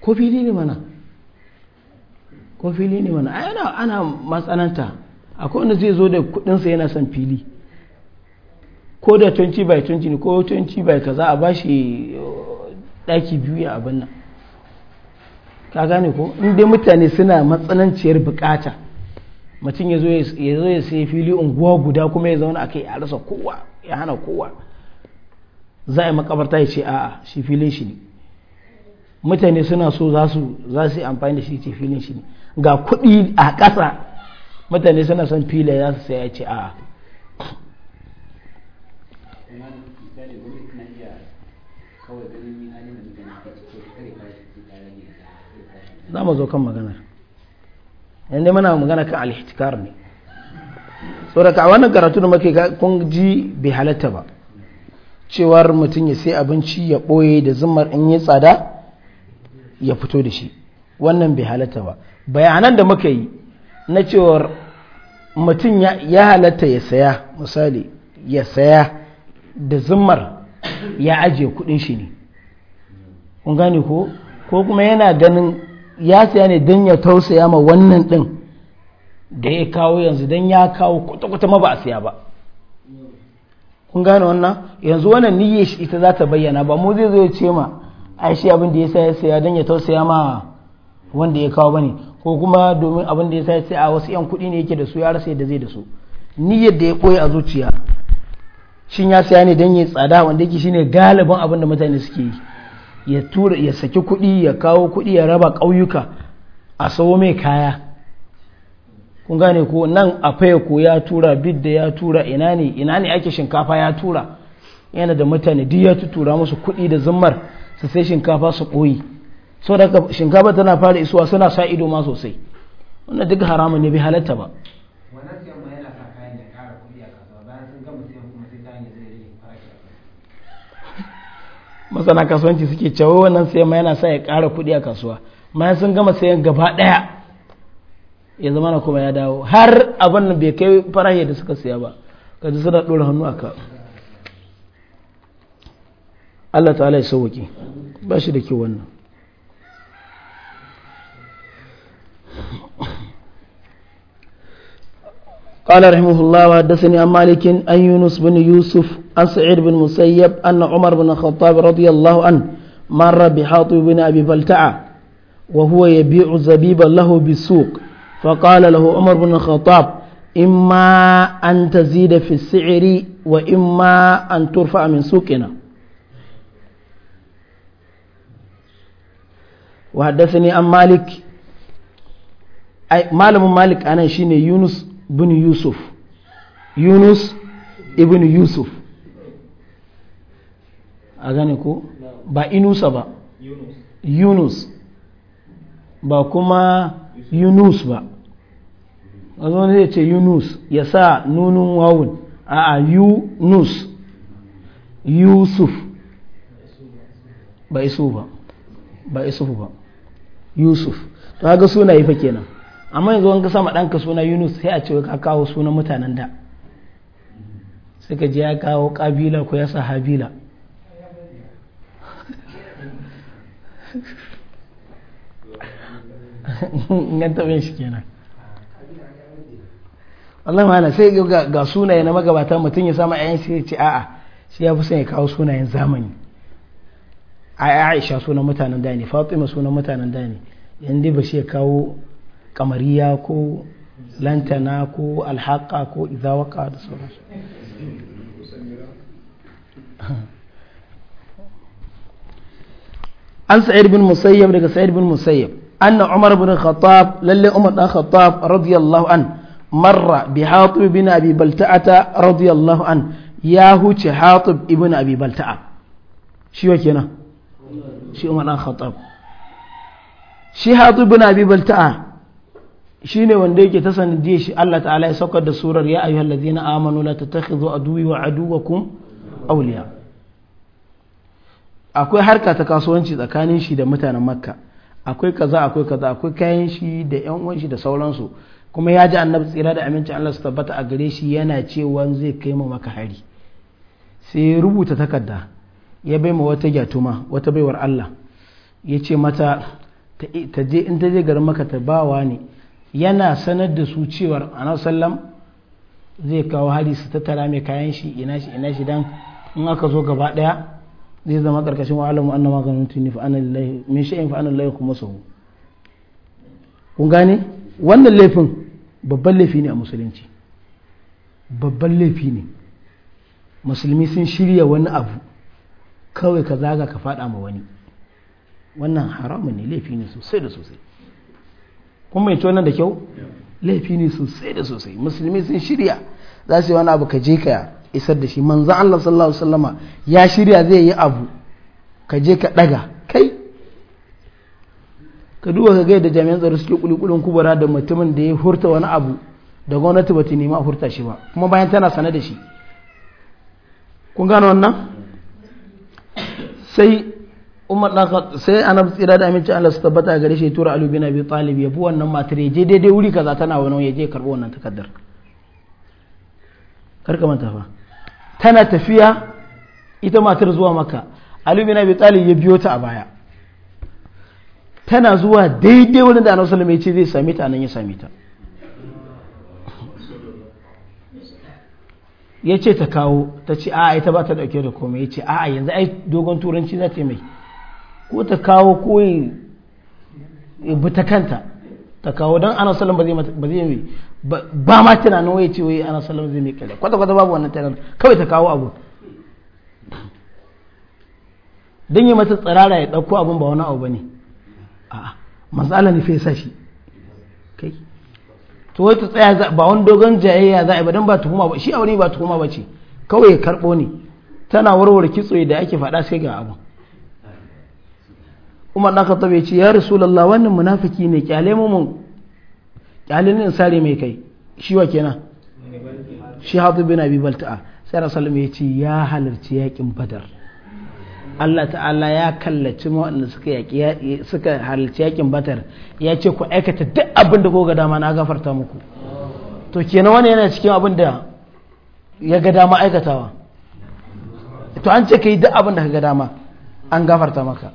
Speaker 1: ko fili ne mana ko fili ne mana ana ana matsananta akwai wanda zai zo da sa yana son fili ko da 20 by 20 ne ko 20 by kaza a bashi daki uh, biyu ya abin nan ka gane ko inda mutane suna matsananciyar bukata mutum ya zo ya sai fili unguwa guda kuma ya zauna a kai a rasa kowa ya hana kowa za a makabarta ya ce a'a shi filin shi ne mutane suna so za su yi amfani da shi ce filin shi ne ga kuɗi a ƙasa mutane suna son filin za su sai ya ce a'a za mu zo kan maganar yanzu mana magana kan alhitikar ne tsoraka a wannan karatu da muke kun ji bai halatta ba cewar mutum ya sai abinci ya ɓoye da zumar in yi tsada ya fito da shi wannan bai halatta ba bayanan da muka yi na cewar mutum ya halatta ya saya misali ya saya da zumar ya ajiye kudin shi ne kun gane ko ko kuma yana ganin ya saya ne don ya tausaya ma wannan ɗin da ya kawo yanzu don ya kawo kwata-kwata ma ba a saya ba kun gane wannan yanzu wannan niyyar ita za ta bayyana ba mu zai zo ya ce ma ai shi abin da ya saya saya don ya tausaya ma wanda ya kawo bane ko kuma domin abin da ya saya sai a wasu yan kuɗi ne yake da su ya rasa yadda zai da su niyyar da ya koya a zuciya shin ya saya ne don ya tsada wanda yake shine galibin abin da mutane suke yi ya tura ya saki kuɗi ya kawo kuɗi ya raba ƙauyuka a sawo mai kaya kun gane ko nan a ko ya tura bidda ya tura ina ne ina ne ake shinkafa ya tura yana da mutane duk ya tutura musu kuɗi da zummar su sai shinkafa su koyi so da shinkafa tana fara isuwa suna sa ido ma sosai wannan duk haramun ne bi halatta ba masana kasuwanci suke cewa wannan sayan ma yana sa ya ƙara kuɗi a kasuwa bayan sun gama sayan gaba ɗaya ya zama na kuma ya dawo har abin bai kai farar yadda suka siya ba ka ji suna ɗora hannu a ka Allah ta'ala ya sauwaƙi ba shi da kyau wannan قال رحمه الله وحدثني عن مالك ان يونس بن يوسف عن سعيد بن مسيب ان عمر بن الخطاب رضي الله عنه مر بحاطب بن ابي بلتعه وهو يبيع زبيبا له بالسوق فقال له عمر بن الخطاب إما أن تزيد في السعر وإما أن ترفع من سوقنا وحدثني عن مالك أي معلم مالك أنا شيني يونس بن يوسف يونس ابن يوسف أغانيكو با إنوس با يونس ba kuma yunus ba wanzu wani zai ce yunus ya sa nunun wawun a a yunus yusuf ba isu ba yusuf to haka suna yi fa kenan amma yanzu an ga sama ɗanka suna yunus sai a ce ka kawo sunan mutanen da sai ka je ya kawo ƙabila ko ya sa habila in taɓin shi kenan Allah ma'ana sai ga sunaye na magabata mutum ya sama ayyansu ya ce a'a shi ya fi son ya kawo sunayen zamani a aisha sunan mutanen da ne fatima sunan mutanen da ne yadda ba shi ya kawo kamariya ko lantana ko alhaka ko izawaka da sauransu an sa'id bin musayyab daga sa'id bin musayyab anna umar bin khattab lalle umar dan khattab radiyallahu anhu marra bi hatib ibn abi balta'ata radiyallahu an ya huce hatib ibn abi balta'a shi wa kenan shi umar dan khattab shi hatib ibn abi balta'a shine wanda yake ta sanadiyar shi Allah ta'ala ya saukar da surar ya ayyuhal ladina amanu la tattakhidhu aduwwi wa aduwwakum awliya akwai harka ta kasuwanci tsakanin shi da mutanen makka akwai kaza akwai kaza akwai kayan shi da yan uwan shi da sauransu kuma ya ji annabi tsira da amincin Allah su tabbata a gare shi yana cewa zai kai mu maka hari sai ya rubuta takarda ya bai mu wata gyatuma wata baiwar Allah ya ce mata ta je in ta je garin maka ta bawa ne yana sanar da su cewar anan sallam zai kawo hari su tattara mai kayan shi ina shi ina shi dan in aka zo gaba daya zai zama karkashin wa alamu annama ganin tuni fa ana lillahi min shay'in fa lillahi kuma sahu kun gane wannan laifin babban laifi ne a musulunci babban laifi ne musulmi sun shirya wani abu kawai ka zaga ka fada ma wani wannan haramun ne laifi ne sosai da sosai kuma mai tonar da kyau laifi ne sosai da sosai musulmi sun shirya za su yi wani abu ka je ka isar da shi manzan Allah sallallahu alaihi wasallama ya shirya zai yi abu ka je ka daga ka duba ka ga jami'an tsaro suke kulikulin kubura da mutumin da ya hurta wani abu da gwamnati ba ta nema a hurta shi ba kuma bayan tana sane da shi kun gano wannan sai umar dan sai anab tsira da aminci Allah su tabbata gare shi tura Ali bin biyu Talib ya bi wannan matar ya je daidai wuri kaza tana wani ya je karbo wannan takardar. Kar ka manta fa tana tafiya ita matar zuwa maka Ali bin biyu Talib ya biyo ta a baya tana zuwa daidai wurin da annabi sallallahu alaihi wasallam ya ce zai same ta nan ya same ta ya ce ta kawo ta ce a'a ita ba ta dauke da komai ya ce a'a yanzu ai dogon turanci za ta yi mai ko ta kawo ko bi ta kanta ta kawo don ana salam ba zai mai ba ma tunanin waye ce waye ana salam zai mai kare kwata kwata babu wannan tunanin kawai ta kawo abu don yi mata tsirara ya dauko abun ba wani abu ba ne matsala ne shi kai to wai ta tsaya ba wani dogon jayayya za a ba don ba tuhuma ba shi aure ba tuhuma ba ce kawai ya karbo ne tana warware kitso da ake faɗa sai ga abu umar na ka ya ce ya rasulallah wannan munafiki ne kyale mu mun kyale ne sare mai kai shi wa kenan shi hadu bin abi balta'a sai rasul ya ce ya halarci yaƙin badar Allah ta'ala ya kallaci waɗanda suka suka halarci yaƙin batar ya ce ku aikata duk abin da ga dama na gafarta muku to kenan wani yana cikin abin da ya ga dama aikatawa to an ce ka yi duk abin da ka ga dama an gafarta maka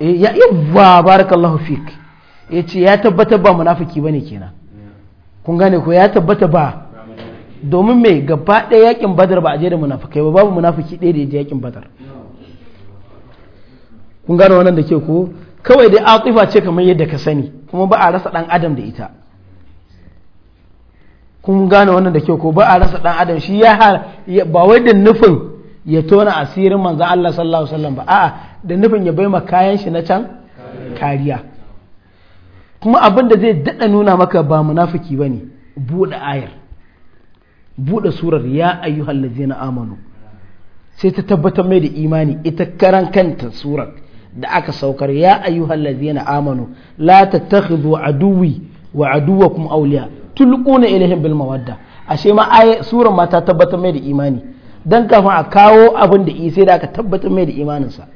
Speaker 1: eh, ya yabba barakallahu fik ya ce ya tabbata ba munafiki bane kenan kun gane ko ya tabbata ba domin mai gaba ɗaya yakin badar ba a je da munafukai ba babu munafuki ɗaya da ya je yakin badar kun gane wannan da ke ko kawai dai atifa ce kamar yadda ka sani kuma ba a rasa ɗan adam da ita kun gane wannan da ke ko ba a rasa ɗan adam shi ya har ba wai da nufin ya tona asirin manzo Allah sallallahu alaihi ba a'a da nufin ya baima kayan shi na can kariya kuma abin da zai dada nuna maka ba munafuki ba ne buɗe ayar buɗe surar ya ayyuhal ladzina amanu sai ta tabbatar mai da imani ita karan kanta surar da aka saukar ya ayyuhal ladzina amanu la tattakhidhu aduwi wa kuma awliya tulquna ilaihim bil mawadda ashe ma aya surar ma ta tabbatar mai da imani dan kafin a kawo abin da sai da aka tabbatar mai da imaninsa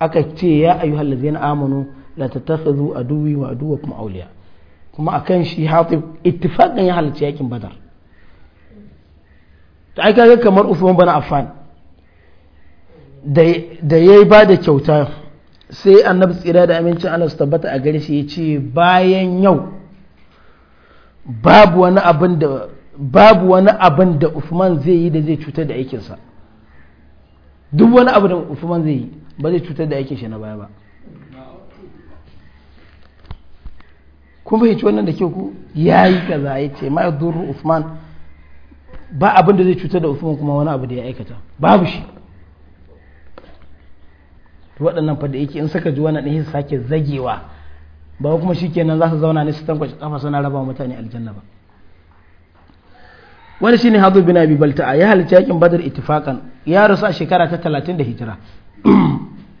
Speaker 1: aka ce ya ayyuhal ladzina amanu la tattakhidhu aduwi wa kuma awliya kuma akan shi hatib ittifaqan ya halarci yakin badar ta aika ga kamar usman bin Affan da yayi ba da kyauta sai annabi tsira da amincin Allah su tabbata a gare shi ya ce bayan yau babu wani abin da babu wani abin da Uthman zai yi da zai cutar da aikinsa duk wani abu da Uthman zai yi ba zai cutar da aikin shi na baya ba kuma fahimci wannan da kyau ku yayi kaza ce ma yadur Uthman ba abin da zai cutar da usman kuma wani abu da ya aikata babu shi waɗannan fadda yake in saka ji wannan ɗin sake zagewa ba kuma shi kenan za su zauna ne su tankwace kafa suna raba mutane aljanna ba wani shine hadu bin abi balta'a ya halarci yakin badar ittifaqan ya rasu a shekara ta talatin da hijira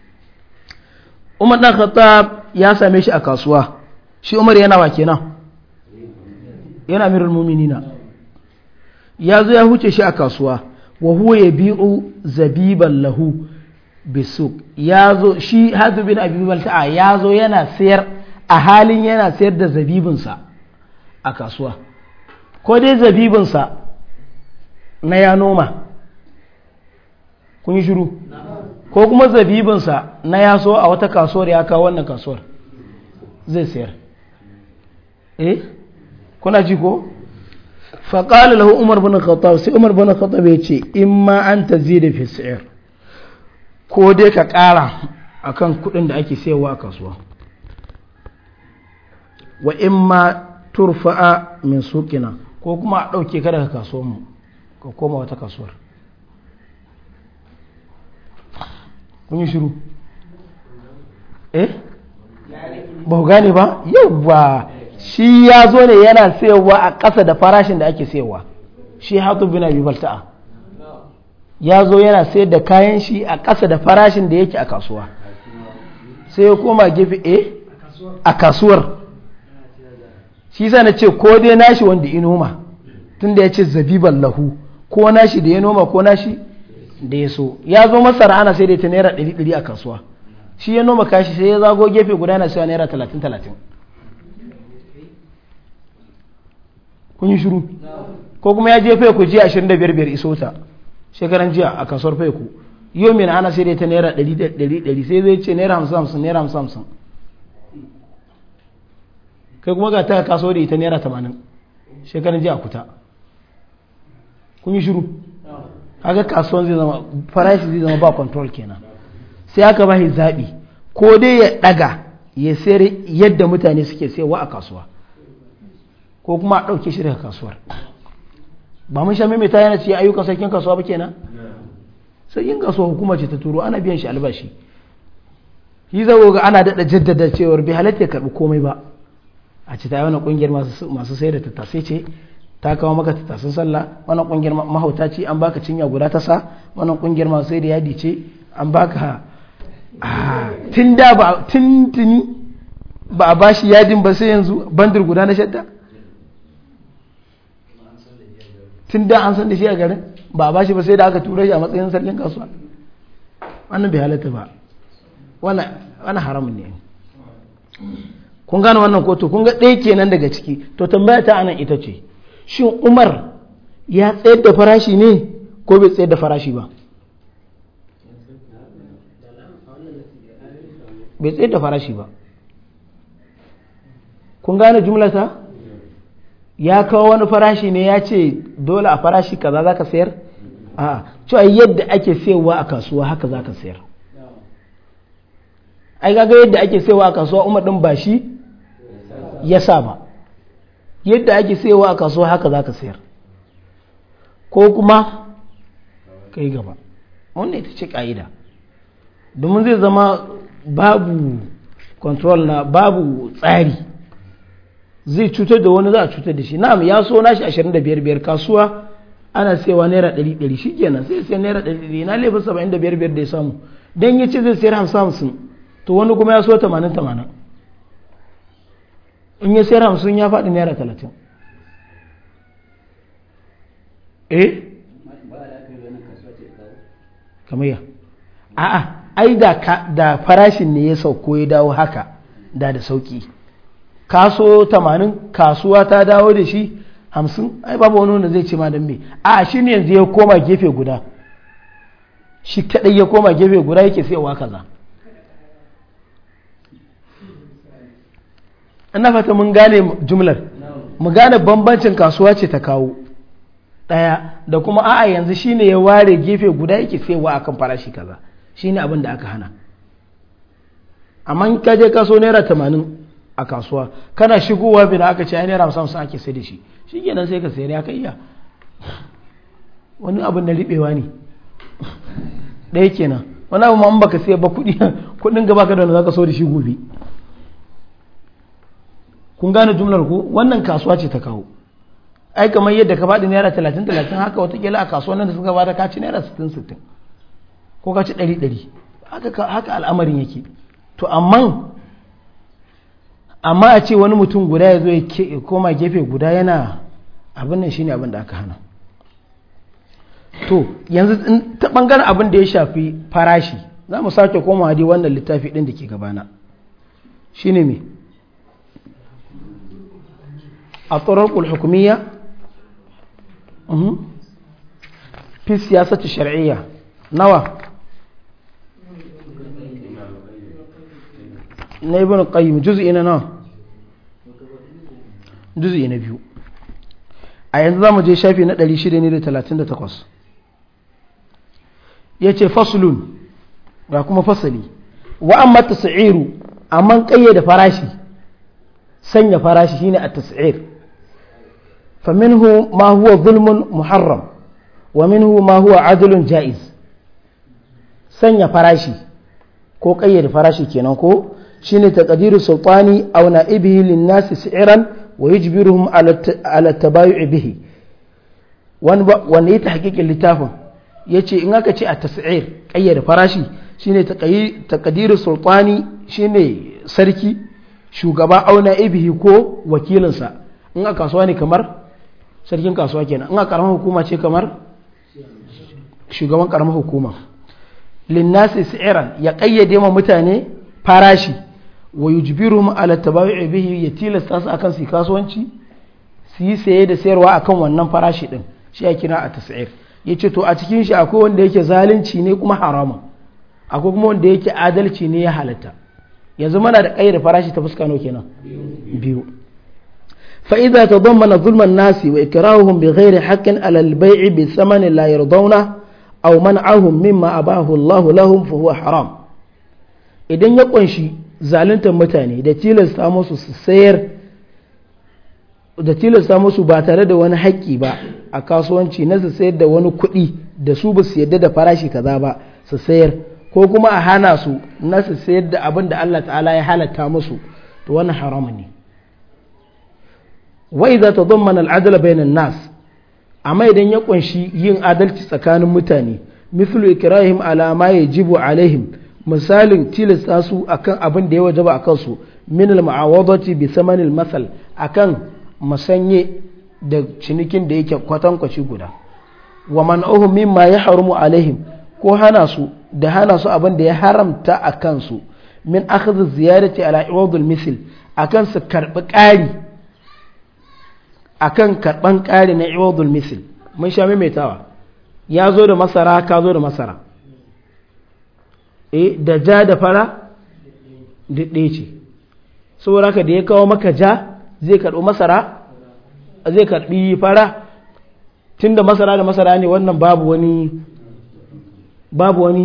Speaker 1: umar dan khattab ya same shi a kasuwa shi umar yana wa kenan yana amirul mu'minina ya zo ya huce shi a kasuwa wa huwa bi'u zabiban lahu bisuk ya zo shi hadu bin abi balta'a ya zo yana sayar a halin yana sayar da zabibinsa a kasuwa ko dai zabibinsa na ya noma kun yi shiru ko kuma zabibinsa na ya so a wata kasuwar ya kawo wannan kasuwar zai sayar eh kuna ji ko faƙalar lahu umar bin khattab sai umar bin khattab ya ce in ma an ta zida fi ko dai ka ƙara akan kuɗin da ake sayarwa a kasuwa wa in ma turfa'a min sukina ko kuma a ɗauke ka daga ka koma wata kasuwar kun shiru ba ku gane ba yau shi ya zo ne yana sayarwa a ƙasa da farashin da ake sayarwa shi hatu bin abi balta'a ya zo yana sayar da kayan shi a ƙasa da farashin da yake a kasuwa sai ya koma gefe a eh, a kasuwar shi sa na ce ko dai nashi wanda ya noma da ya ce zabiban lahu ko nashi da ya noma ko nashi da ya so ya zo masara ana sai da ta naira ɗari ɗari a kasuwa shi ya noma kashi sai ya zago gefe guda na sai naira talatin talatin kun yi shiru ko kuma ya je faiku jiya 25 biyar iso ta shekaran jiya a kasuwar fai ku yau mai ana sai dai ta naira 100 sai zai ce naira 50 naira 50 kai kuma ga ta kaso da ita naira 80 shekaran jiya kuta kun yi shiru
Speaker 2: haka kasuwan
Speaker 1: zai zama farashi zai zama ba control kenan sai aka shi zaɓi ko dai ya ɗaga ya sayar yadda mutane suke sayarwa a kasuwa ko kuma a ɗauke shi daga kasuwar ba mun sha maimaita yana ce ayyukan sarkin kasuwa ba kenan sarkin kasuwa hukuma ce ta turo ana biyan shi albashi yi zago ga ana daɗa jaddada cewar bai halatta ya karɓi komai ba a ci ta yi wani ƙungiyar masu sayar da tattasai ce ta kawo maka tattasan sallah wani ƙungiyar mahauta ce an baka cinya guda ta sa wani ƙungiyar masu sayar da yadi ce an baka ah, tun da ba tun ba a bashi yadin ba sai yanzu bandir guda na shadda tun da an san da shi a garin ba ba shi ba sai da aka tura shi a matsayin sarkin kasuwa wannan bai halatta ba wani haramun ne kun gane wannan kotu kun ga ɗaya kenan daga ciki to tambaya ta anan ita ce shin umar ya tsayar da farashi ne ko bai tsayar da farashi ba bai tsayar da farashi ba kun gane jumlata ya kawo wani farashi ne ya ce dole a farashi kaza za ka sayar a cewa yadda ake sayarwa a kasuwa haka za ka sayar ai gaga yadda ake sayarwa a kasuwa umar ɗin ba shi ya sa ba yadda ake sayarwa a kasuwa haka za ka sayar ko kuma kai gaba wannan ita ce ka'ida domin zai zama babu control na babu tsari zai cutar da wani za a cutar da shi na'am ya so nashi 25 biyar kasuwa ana sayawa naira 100 shi kenan sai sai naira 100 na laifin 75 biyar da ya samu don ya ce zai sayar 50 50 to wani kuma ya so 80 80 in ya sayar 50 ya faɗi naira 30 eh kamar ya a'a ai da farashin ne ya sauko ya dawo haka da da sauki kaso tamanin kasuwa ta dawo da shi hamsin ai babu wani wanda zai ce ma don me a shi ne yanzu ya koma gefe guda shi kadai ya koma gefe guda yake wa kaza ina fata mun gane jumlar mu gane bambancin kasuwa ce ta kawo ɗaya da kuma a'a yanzu shine ya ware gefe guda yake wa akan farashi kaza shine abin da aka hana amma kaje je kaso naira tamanin a kasuwa kana shigowa bi da aka ce ai naira hamsin ake sai da shi shi kenan sai ka sayar ya kai iya wani abin da riɓewa ne ɗaya kenan wani abu ma'amba ka sayar ba kuɗi kuɗin gaba ka da za ka so da shi gobe kun gane jumlar ku wannan kasuwa ce ta kawo ai kamar yadda ka faɗi naira talatin talatin haka watakila a kasuwa nan da suka bada ka ci naira sittin sittin ko ka ci ɗari ɗari haka al'amarin yake to amma amma a ce wani mutum guda ya zo ya koma gefe guda yana abin nan shine abin da aka hana to yanzu ta bangaren abin da ya shafi farashi za mu sake komawa dai wannan littafi din da ke gabana shine me a tsoron hukumiyya mhm, fi siyasar shari'iyya nawa na ibn qayyim juz'i na nawa juzu'i na biyu a yanzu za mu je shafi na 638 ya ce fasulun ga kuma fasali wa amma tas'iru amma kayyada farashi sanya farashi shine a tasir faminhu ma huwa zulmun muharram wa minhu ma huwa adlun jaiz sanya farashi ko kayyada farashi kenan ko shine taqdiru sultani aw na'ibihi lin-nasi si'ran ويجبرهم على التبايع به wani yi ta hakikin littafin ya ce in aka ce a tasir ƙayyar farashi shine takadirin sultani shine sarki shugaba auna ibihi ko wakilinsa in a kamar sarkin kasuwa kenan ina a karamar ce kamar shugaban karamar hukuma linnasi si'iran ya ƙayyade ma mutane farashi wa yujbiruhum ala tabawi bihi ya tilasta su akan su kasuwanci su yi saye da sayarwa akan wannan farashi din shi ya kira a tas'ir yace to a cikin shi akwai wanda yake zalunci ne kuma harama akwai kuma wanda yake adalci ne ya halatta yanzu mana da kai da farashi ta fuska nawa kenan biyu fa idza tadammana zulman nasi wa ikrahuhum bighairi haqqin ala al-bay'i bi thamanin la yardawna aw man'ahum mimma abahu Allah lahum fa huwa haram idan ya kunshi zaluntar mutane da tilasta musu su sayar da tilasta musu ba tare da wani haƙƙi ba a kasuwanci na su sayar da wani kuɗi da su ba su yadda da farashi kaza ba su sayar ko kuma a hana su na su sayar da abin da Allah ta'ala ya halatta musu to wani haram ne wa idza tadammana al bainan nas amma idan ya kunshi yin adalci tsakanin mutane mithlu ikrahim ala ma yajibu alaihim misalin tilasta su akan abin da ya wajaba a kansu min al-ma'awadati bi thamanil masal akan masanye da cinikin da yake kwatankwaci guda wa man'uhum mimma yahrumu alaihim ko hana su da hana su abin da ya haramta a kansu min akhdhi ziyarati ala iwadul misl akan su karbi ƙari akan karban kari na iwadul misl mun sha maimaitawa ya zo da masara ka zo da masara eh da ja da fara daɗe ce saboda da ya kawo maka ja zai karɓi masara zai karɓi fara tun da masara da masara ne wannan babu wani babu wani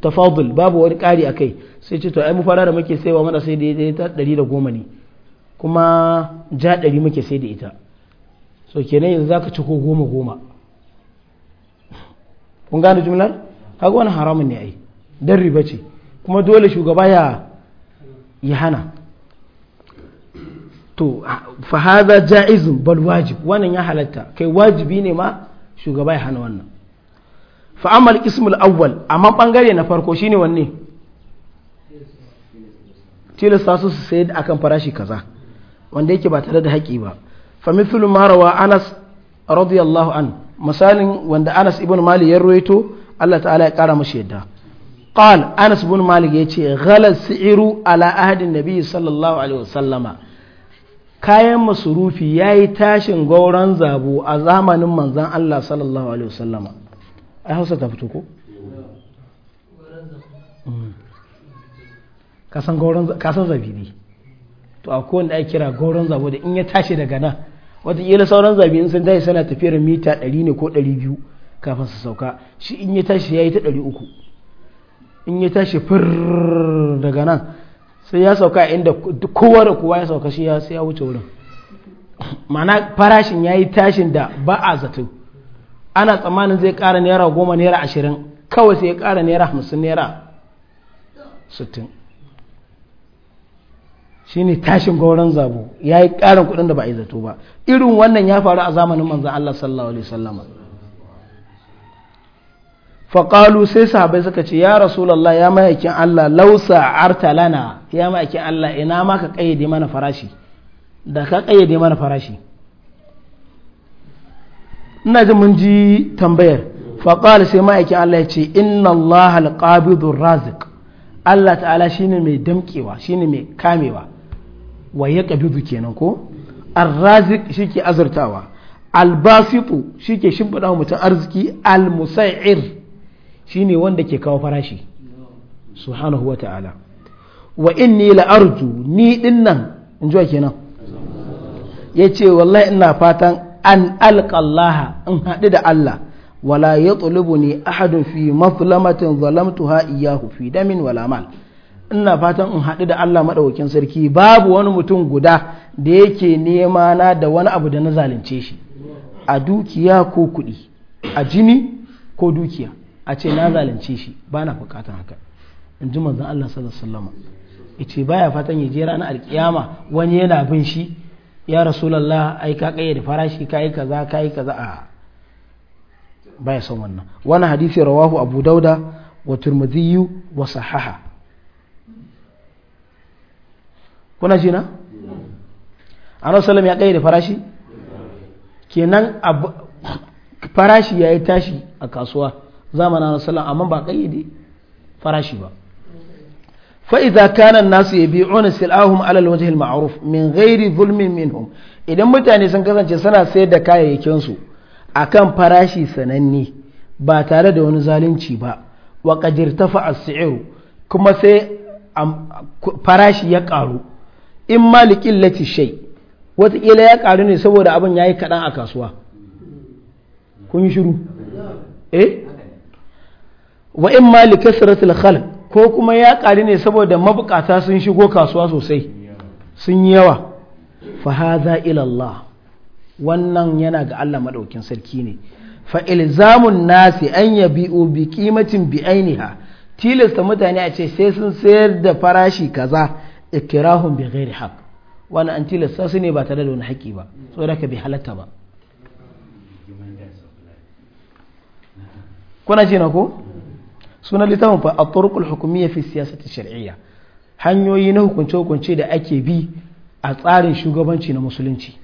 Speaker 1: tafadul babu wani ƙari a kai sai ce to ai mu fara da muke saiwa mana sai da ta ɗari da goma ne kuma ja ɗari muke sai da ita so kenan yanzu zaka ci ko goma goma kun gane jumlar haka wani haramun ne ai don riba ce kuma dole shugaba ya yi hana to fahaza ja'izun bal wajib wannan ya halatta kai wajibi ne ma shugaba ya hana wannan fa'amal ismul awwal amma bangare na farko shine wanne tilasta su su sayar akan farashi kaza wanda yake ba tare da haƙi ba fa mithlu ma rawa anas radiyallahu an misalin wanda anas ibn mali ya ruwaito Allah ta'ala ya kara mashi yadda قال أنس بن مالك يتي غلى السعر على أهد النبي صلى الله عليه وسلم kayan masurufi ya yi tashin gauran zabo a zamanin الله Allah sallallahu Alaihi wasallama ai hausa ta fito kasan zabi ne to a wanda ake kira gauran zabo da in ya tashi daga nan watakila sauran zabi in sun tashi sana tafiyar mita 100 ne ko 200 kafin su sauka shi in ya tashi ya yi ta 300 in ya tashi fir daga nan sai ya sauka inda kowa da kowa ya sauka shi ya sai ya wuce wurin mana farashin ya yi tashin da ba a zato ana tsammanin zai ƙara naira goma naira ashirin kawai sai ya ƙara naira hamsin naira sittin shi ne tashin gauran zabo ya yi ƙarin kuɗin da ba a yi zato ba irin wannan ya faru a zamanin manzan Allah sallallahu alaihi wasallam faƙalu sai sahabai suka ce ya rasulallah ya ma'aikin Allah lausa artalana ya ma'aikin Allah ina ma ka ƙayyade mana farashi da ka ƙayyade mana farashi ina ji mun ji tambayar faƙalu sai ma'aikin Allah ya ce inna Allah alƙabidun razik Allah ta'ala shine mai damƙewa shine mai kamewa wa ya ƙabidu kenan ko arrazik shi ke azurtawa albasitu shi ke shimfiɗa mutum arziki almusa'ir shine wanda ke kawo farashi subhanahu wa ta'ala wa inni la'arju ni dinnan in ji kenan ya ce wallahi ina fatan an alƙallaha in haɗu da Allah wala ya tsulubu ne ahadun fi mafulamatin zalamtuha iyahu fi damin wala mal ina fatan in haɗu da Allah maɗaukin sarki babu wani mutum guda da yake nema na da wani abu da na zalunce shi a dukiya ko kuɗi a jini ko dukiya a ce na zalunce shi ba na bukatan haka in ji manzan Allah sallallahu alaihi ce baya fatan ya je ranar alkiyama wani yana bin shi ya rasulullah ai ka da farashi kai kaza kai kaza a baya son wannan wani hadisi rawahu abu dauda wa turmudhi wa sahaha kuna ji na an sallam ya da farashi kenan farashi yi tashi a kasuwa zamanin rasulun amma ba kayyade farashi ba fa'iza kanan nasu ya biyu ona sil'ahun alal wajihil ma'aruf min gairi zulmin minhum idan mutane sun kasance suna sayar da kayayyakinsu a kan farashi sananne ba tare da wani zalunci ba wa ta as-si'ru kuma sai farashi ya ƙaru in malikin lati shai wataƙila ya karu ne saboda abin ya yi kaɗan a kasuwa kun yi shiru eh wa in ma li kasratil khalq ko kuma ya ƙari ne saboda mabukata sun shigo kasuwa sosai sun yi yawa fa hadha ila Allah wannan yana ga Allah madaukin sarki ne fa ilzamun nasi an yabi'u bi qimatin bi ainiha tilasta mutane a ce sai sun sayar da farashi kaza ikrahum bi ghairi haqq wannan an tilasta su ne ba tare da wani haƙi ba saboda ka bi halatta ba kuna ce na ko sunan littafin fa a turkul hukumiyya fi siyasati shar'iyya hanyoyi na hukunce hukunce da ake bi a tsarin shugabanci na musulunci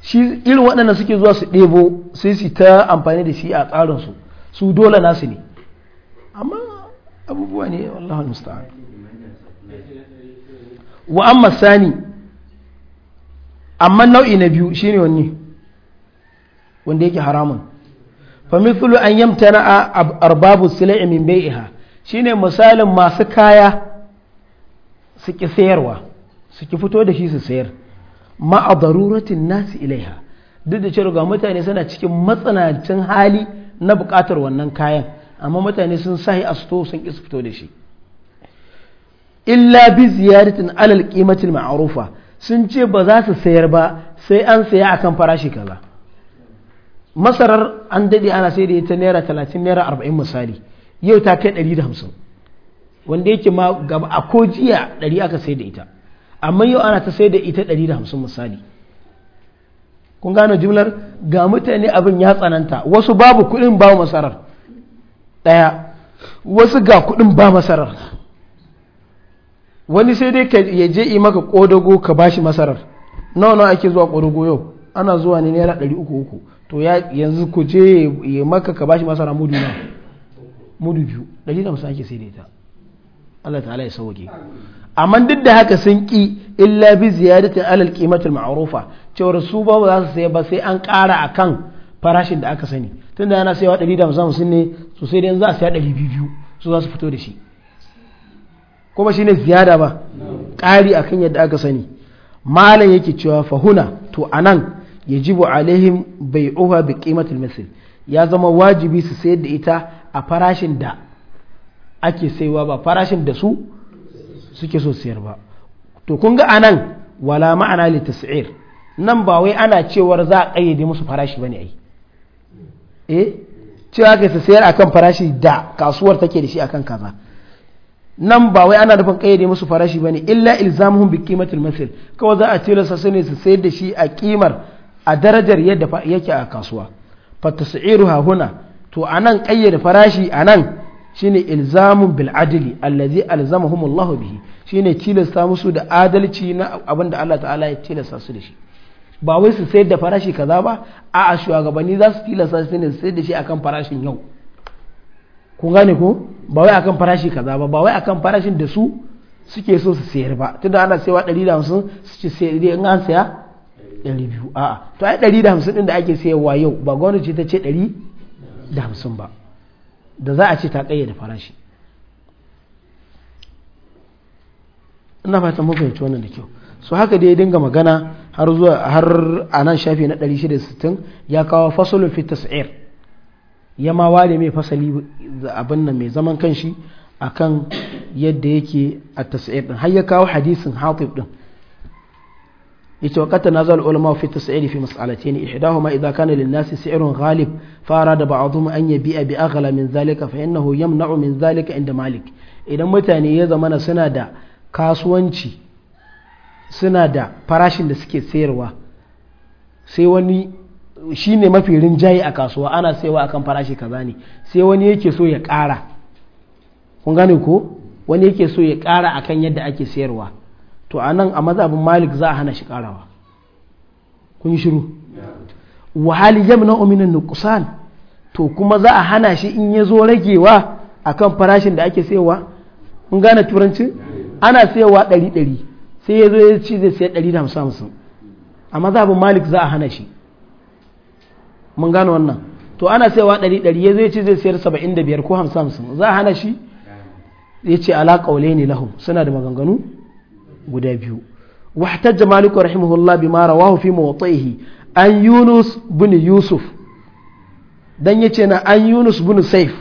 Speaker 1: shi irin waɗanda suke zuwa su ɗebo sai su ta amfani da shi a tsarin su su dole nasu ne amma abubuwa ne wallahi musta'an wa amma sani amma nau'i na biyu shine wanne wanda yake haramun famithulu an yamtana a arbabu sila'i min bai'iha shine misalin masu kaya su ki sayarwa su ki fito da shi su sayar ma a daruratin nasu ilaiha duk da cewa mutane suna cikin matsanancin hali na buƙatar wannan kayan amma mutane sun sahi a sto sun ki su fito da shi illa bi ziyaratin alal qimatil ma'rufa sun ce ba za su sayar ba sai an saya akan farashi kaza masarar an daɗe ana sai da ita naira talatin naira arba'in misali yau ta kai ɗari da hamsin wanda yake ma gaba a ko jiya ɗari aka sai da ita amma yau ana ta sai da ita ɗari da hamsin misali kun gane jumlar ga mutane abin ya tsananta wasu babu kuɗin ba masarar ɗaya wasu ga kuɗin ba masarar wani sai dai ka ya je yi maka ƙodago ka bashi masarar nawa nawa ake zuwa ƙodago yau ana zuwa ne naira ɗari uku uku to yanzu ku je ya maka ka bashi masara mudu na mudu biyu ɗari da musu ake sai da ita Allah ta'ala ya sauke amma duk da haka sun ki illa bi ziyadatin alal qimatul ma'rufa cewa su ba za su saya ba sai an ƙara akan farashin da aka sani tunda yana sayawa 150 ne su sai dan za su ya 200 su za su fito da shi kuma shine ziyada ba ƙari akan yadda aka sani malam yake cewa fahuna to anan yajibu alaihim bai'uha bi qimatil misl ya zama wajibi su sayar da ita a farashin da ake saiwa ba farashin da su suke so sayar ba to kun ga anan wala ma'ana li tas'ir nan ba wai ana cewar za a kayyade musu farashi bane ai eh cewa kai su sayar akan farashi da kasuwar take da shi akan kaza nan ba wai ana nufin kayyade musu farashi bane illa ilzamuhum bi qimatil masl kawai za a tilasta su ne su sayar da shi a kimar a darajar yadda yake a kasuwa fa tas'iruha huna to anan kayyada farashi anan shine ilzamun bil adli allazi alzamahum Allah bihi shine tilasta musu da adalci na abinda Allah ta'ala ya tilasta su da shi ba wai su sayar da farashi kaza ba a a shugabanni za su tilasta su ne su sayar da shi akan farashin yau ku gane ko ba wai akan farashi kaza ba ba wai akan farashin da su suke so su sayar ba tunda ana sayawa 150 su ci sayar in an saya ɗari biyu a'a to ai ɗari da hamsin ɗin da ake sayarwa yau ba gwamnati ce ta ce ɗari da hamsin ba da za a ce ta ƙayyade farashi ina fatan mun fahimci wannan da kyau so haka dai dinga magana har zuwa har a nan shafi na 160 ya kawo fasalun fi tas'ir ya ma ware mai fasali abin nan mai zaman kanshi akan yadda yake a tas'ir din har ya kawo hadisin hatib din yace waqad nazal ulama fi tas'il fi mas'alatin ihdahuma idha kana lin nasi si'run ghalib fa arada ba'dhum an yabi'a bi aghla min zalika fa innahu yamna'u min zalika inda malik idan mutane ya zamana suna da kasuwanci suna da farashin da suke sayarwa sai wani shi ne mafi rinjaye a kasuwa ana sayarwa akan farashi kaza ne sai wani yake so ya kara kun gane ko wani yake so ya ƙara akan yadda ake sayarwa to a nan a mazabin malik za a hana shi karawa kun yi shiru wahali na uminan nukusan to kuma za a hana shi in ya zo ragewa a kan farashin da ake sayowa kun gane turanci ana sayowa ɗari ɗari sai ya zo ya ci zai sayar ɗari da hamsin hamsin a mazabin malik za a hana shi mun gane wannan to ana sayowa ɗari ɗari ya zo ya ci zai sayar saba'in da biyar ko hamsin hamsin za a hana shi ya ce ala ƙaule ne lahum suna da maganganu guda biyu wahtajja maliku rahimahullah bima rawahu fi mawatihi an yunus bin yusuf dan yace na an yunus bin saif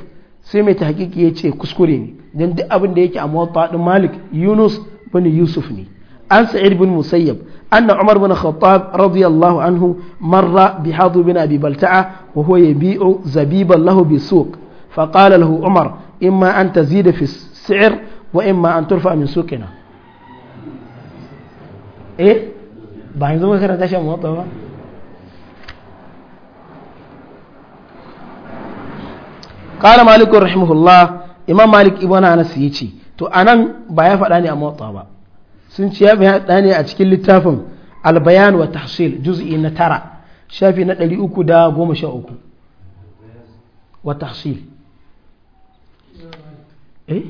Speaker 1: sai mai tahqiqi yace kuskure ne dan duk abin da yake a muwatta din malik yunus bin yusuf ne an sa'id bin musayyab anna umar bin khattab radiyallahu anhu marra bi hadu bin abi balta'a wa huwa yabi'u zabiban lahu bi suq فقال له عمر إما أن تزيد في wa imma an turfa min سوقنا eh ba yanzu muka karanta shi a motsa ba قال مالك رحمه الله امام مالك ابن انس yace to anan ba ya faɗa ne a motsa ba sun ce ya faɗa ne a cikin littafin albayan wa tahsil juz'i na tara shafi na ɗari uku 313 wa tahsil eh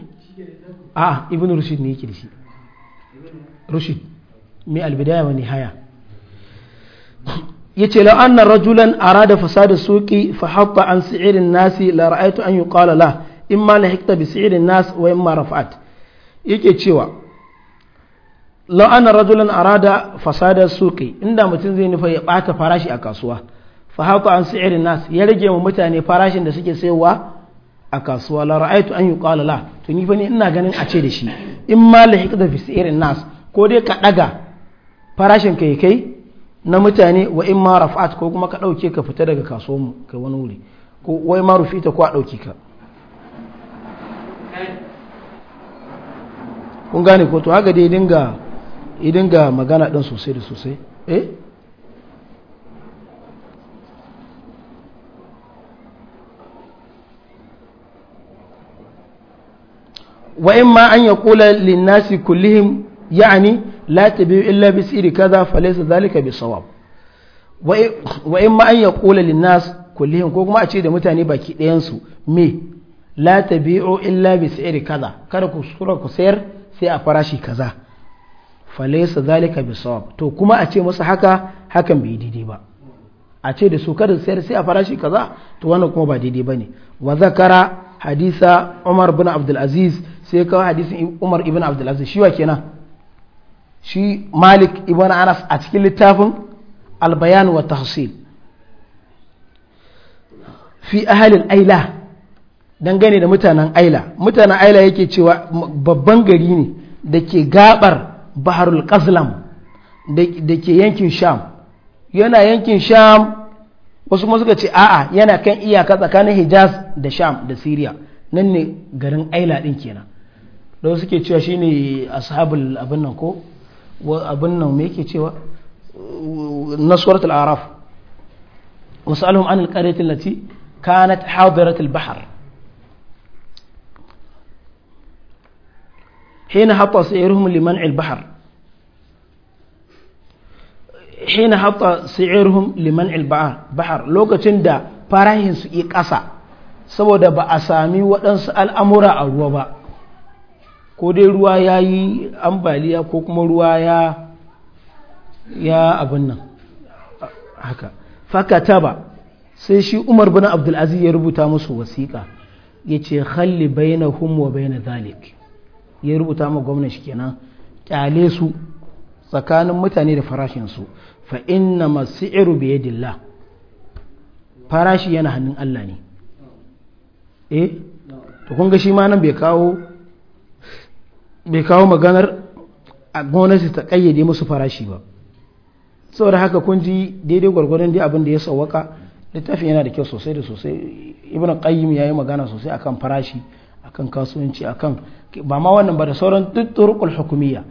Speaker 1: a ibn rushd ne yake da shi rushd mai albidaya wa nihaya yace law anna rajulan arada fasada suqi fa hatta an si'irin nasi la ra'aytu an yuqala la imma lahikta bi si'irin nas wa imma rafa'at yake cewa law anna rajulan arada fasada suqi inda mutum zai nufa ya ɓata farashi a kasuwa fa hatta an si'irin nas ya rage wa mutane farashin da suke sayowa a kasuwa la ra'aytu an yuqala la to ni fa ina ganin ace da shi imma lahikta bi si'irin nas ko dai ka daga farashin kai kai na mutane wa in ma raf'at ko kuma ka ɗauke ka fita daga kasuwan mu ka wani wuri ko wai ma rufita ko a ɗauki ka kun gane ko to haka dai dinga dinga magana ɗin sosai da sosai eh wa in ma an ya kula linnasi kullihim يعني لا تبيع إلا بسير كذا فليس ذلك بصواب وإما أن يقول للناس كلهم كوكما أتشيد متاني باكي دينسو مي لا تبيع إلا بسير كذا كذا كسورة كسير سي أفراشي كذا فليس ذلك بصواب تو كما أتشي مسا حكا حكا بيدي ديبا أتشيد سو كذا سير سي أفراشي كذا تو وانا كما با ديدي بني وذكر حديث عمر بن عبد العزيز سيكا حديث عمر بن عبد العزيز شو كنا shi malik ibn anas a cikin littafin albayan wa tahsil fi ahalin aila dangane da mutanen aila mutanen aila yake cewa babban gari ne da ke gabar baharul qazlam da ke yankin sham yana yankin sham wasu kuma suka ce a'a yana kan iyaka tsakanin hijaz da sham da syria nan ne garin aila din kenan da suke cewa shine ashabul abin nan ko abin nan me yake cewa na suratul araf wasalhum an alqaryati allati kanat حين حط سعيرهم لمنع البحر حين حط سعيرهم لمنع البحر farahinsu yi ƙasa saboda ba a sami waɗansu al'amura a ruwa ba ko dai ruwa ya yi ambaliya ko kuma ruwa ya ya abin nan haka fakata ba sai shi umar bin abdulaziz ya rubuta musu wasiƙa ya ce halli bai na wa bai na zalik ya rubuta ma gwamna shi kenan ƙyale su tsakanin mutane da farashinsu fa inna masu iru farashi yana hannun allah ne eh to kun ga shi ma nan bai kawo bai kawo maganar a gwamnati ta kayyade musu farashi ba saboda haka kun ji daidai gwargwadon dai abin da ya sauwaka littafin yana da kyau sosai da sosai ibn qayyim yayi magana sosai akan farashi akan kasuwanci akan ba ma wannan ba da sauran duk turuqul hukumiyya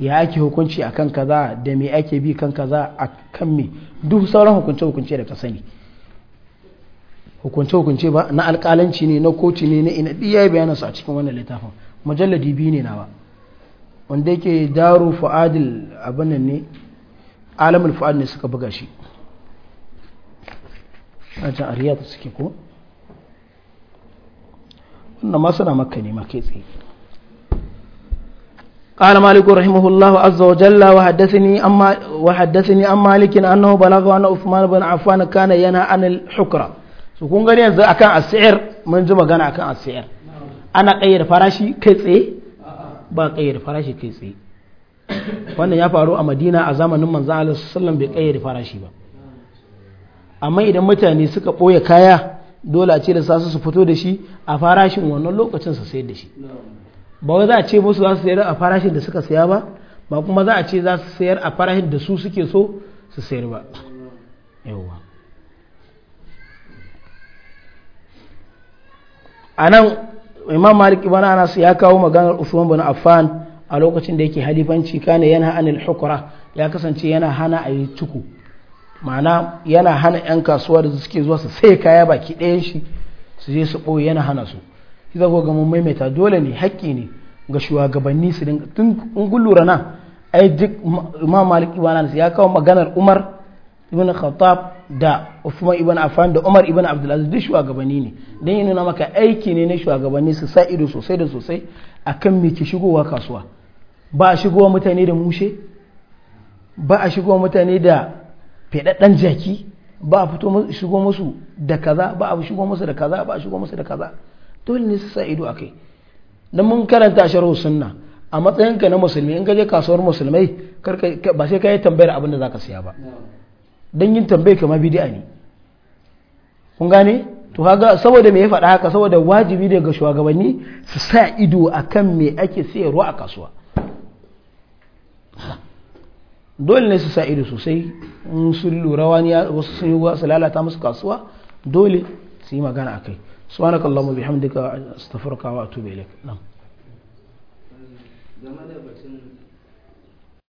Speaker 1: ya ake hukunci akan kaza da me ake bi kan kaza kan me duk sauran hukunce hukunce da ka sani hukunce hukunce ba na alƙalanci ne na koci ne na ina duk yayi bayanan su a cikin wannan littafin majalladi biyu ne nawa wanda yake daru fa'adil abin ne alamul fa'ad ne suka buga shi a can ariyata suke ko wannan masu na makka ne makai tsaye قال مالك رحمه الله عز وجل وحدثني أما وحدثني عن مالك أنه بلغ أن عثمان بن عفان كان ينهى عن الحكرة سكون غني أكان السعر من جمع كان أكان السعر ana ƙayyar farashi kai tsaye ba ƙayyar farashi kai tsaye wannan ya faru a madina a zamanin manzan Allah sallam bai ƙayyar farashi ba amma idan mutane suka ɓoye kaya dole a ce da sasu su fito da shi a farashin wannan lokacin su sayar da shi ba wai za a ce musu za su sayar a farashin da suka saya ba ba kuma za a ce za su sayar a farashin da su suke so su sayar ba yawwa imam malik ibn anas ya kawo maganar usman bin affan a lokacin da yake halifanci kana yana anil hukura ya kasance yana hana a yi cuku ma'ana yana hana 'yan kasuwa da suke zuwa su sai kaya baki ɗayan shi su je su ɓoye yana hana su shi ko ga maimaita dole ne haƙƙi ne ga shugabanni su dinga tun in kun lura ai duk imam malik ibn anas ya kawo maganar umar ibn khattab da Uthman ibn Affan da Umar ibn Abdul Aziz duk shugabanni ne dan yi nuna maka aiki ne na shugabanni su sa ido sosai da sosai akan me ke shigowa kasuwa ba a shigowa mutane da mushe ba a shigowa mutane da fedaddan jaki ba a fito shigo musu da kaza ba a shigo musu da kaza ba a shigo musu da kaza dole ne su sa ido akai dan mun karanta sharhu sunna a matsayinka na musulmi in ka je kasuwar musulmai ba sai ka yi tambayar abin da zaka siya ba don yin tambaye kama bidi'a ne kun gane to kaga saboda me ya faɗa haka saboda wajibi ne ga shugabanni su sa ido akan me ake sayarwa a kasuwa dole ne su sa ido sosai in sun lura wani wasu sun yi wasu lalata musu kasuwa dole su yi magana akai subhanaka allahumma bihamdika astaghfiruka wa atubu ilaik
Speaker 2: game da batun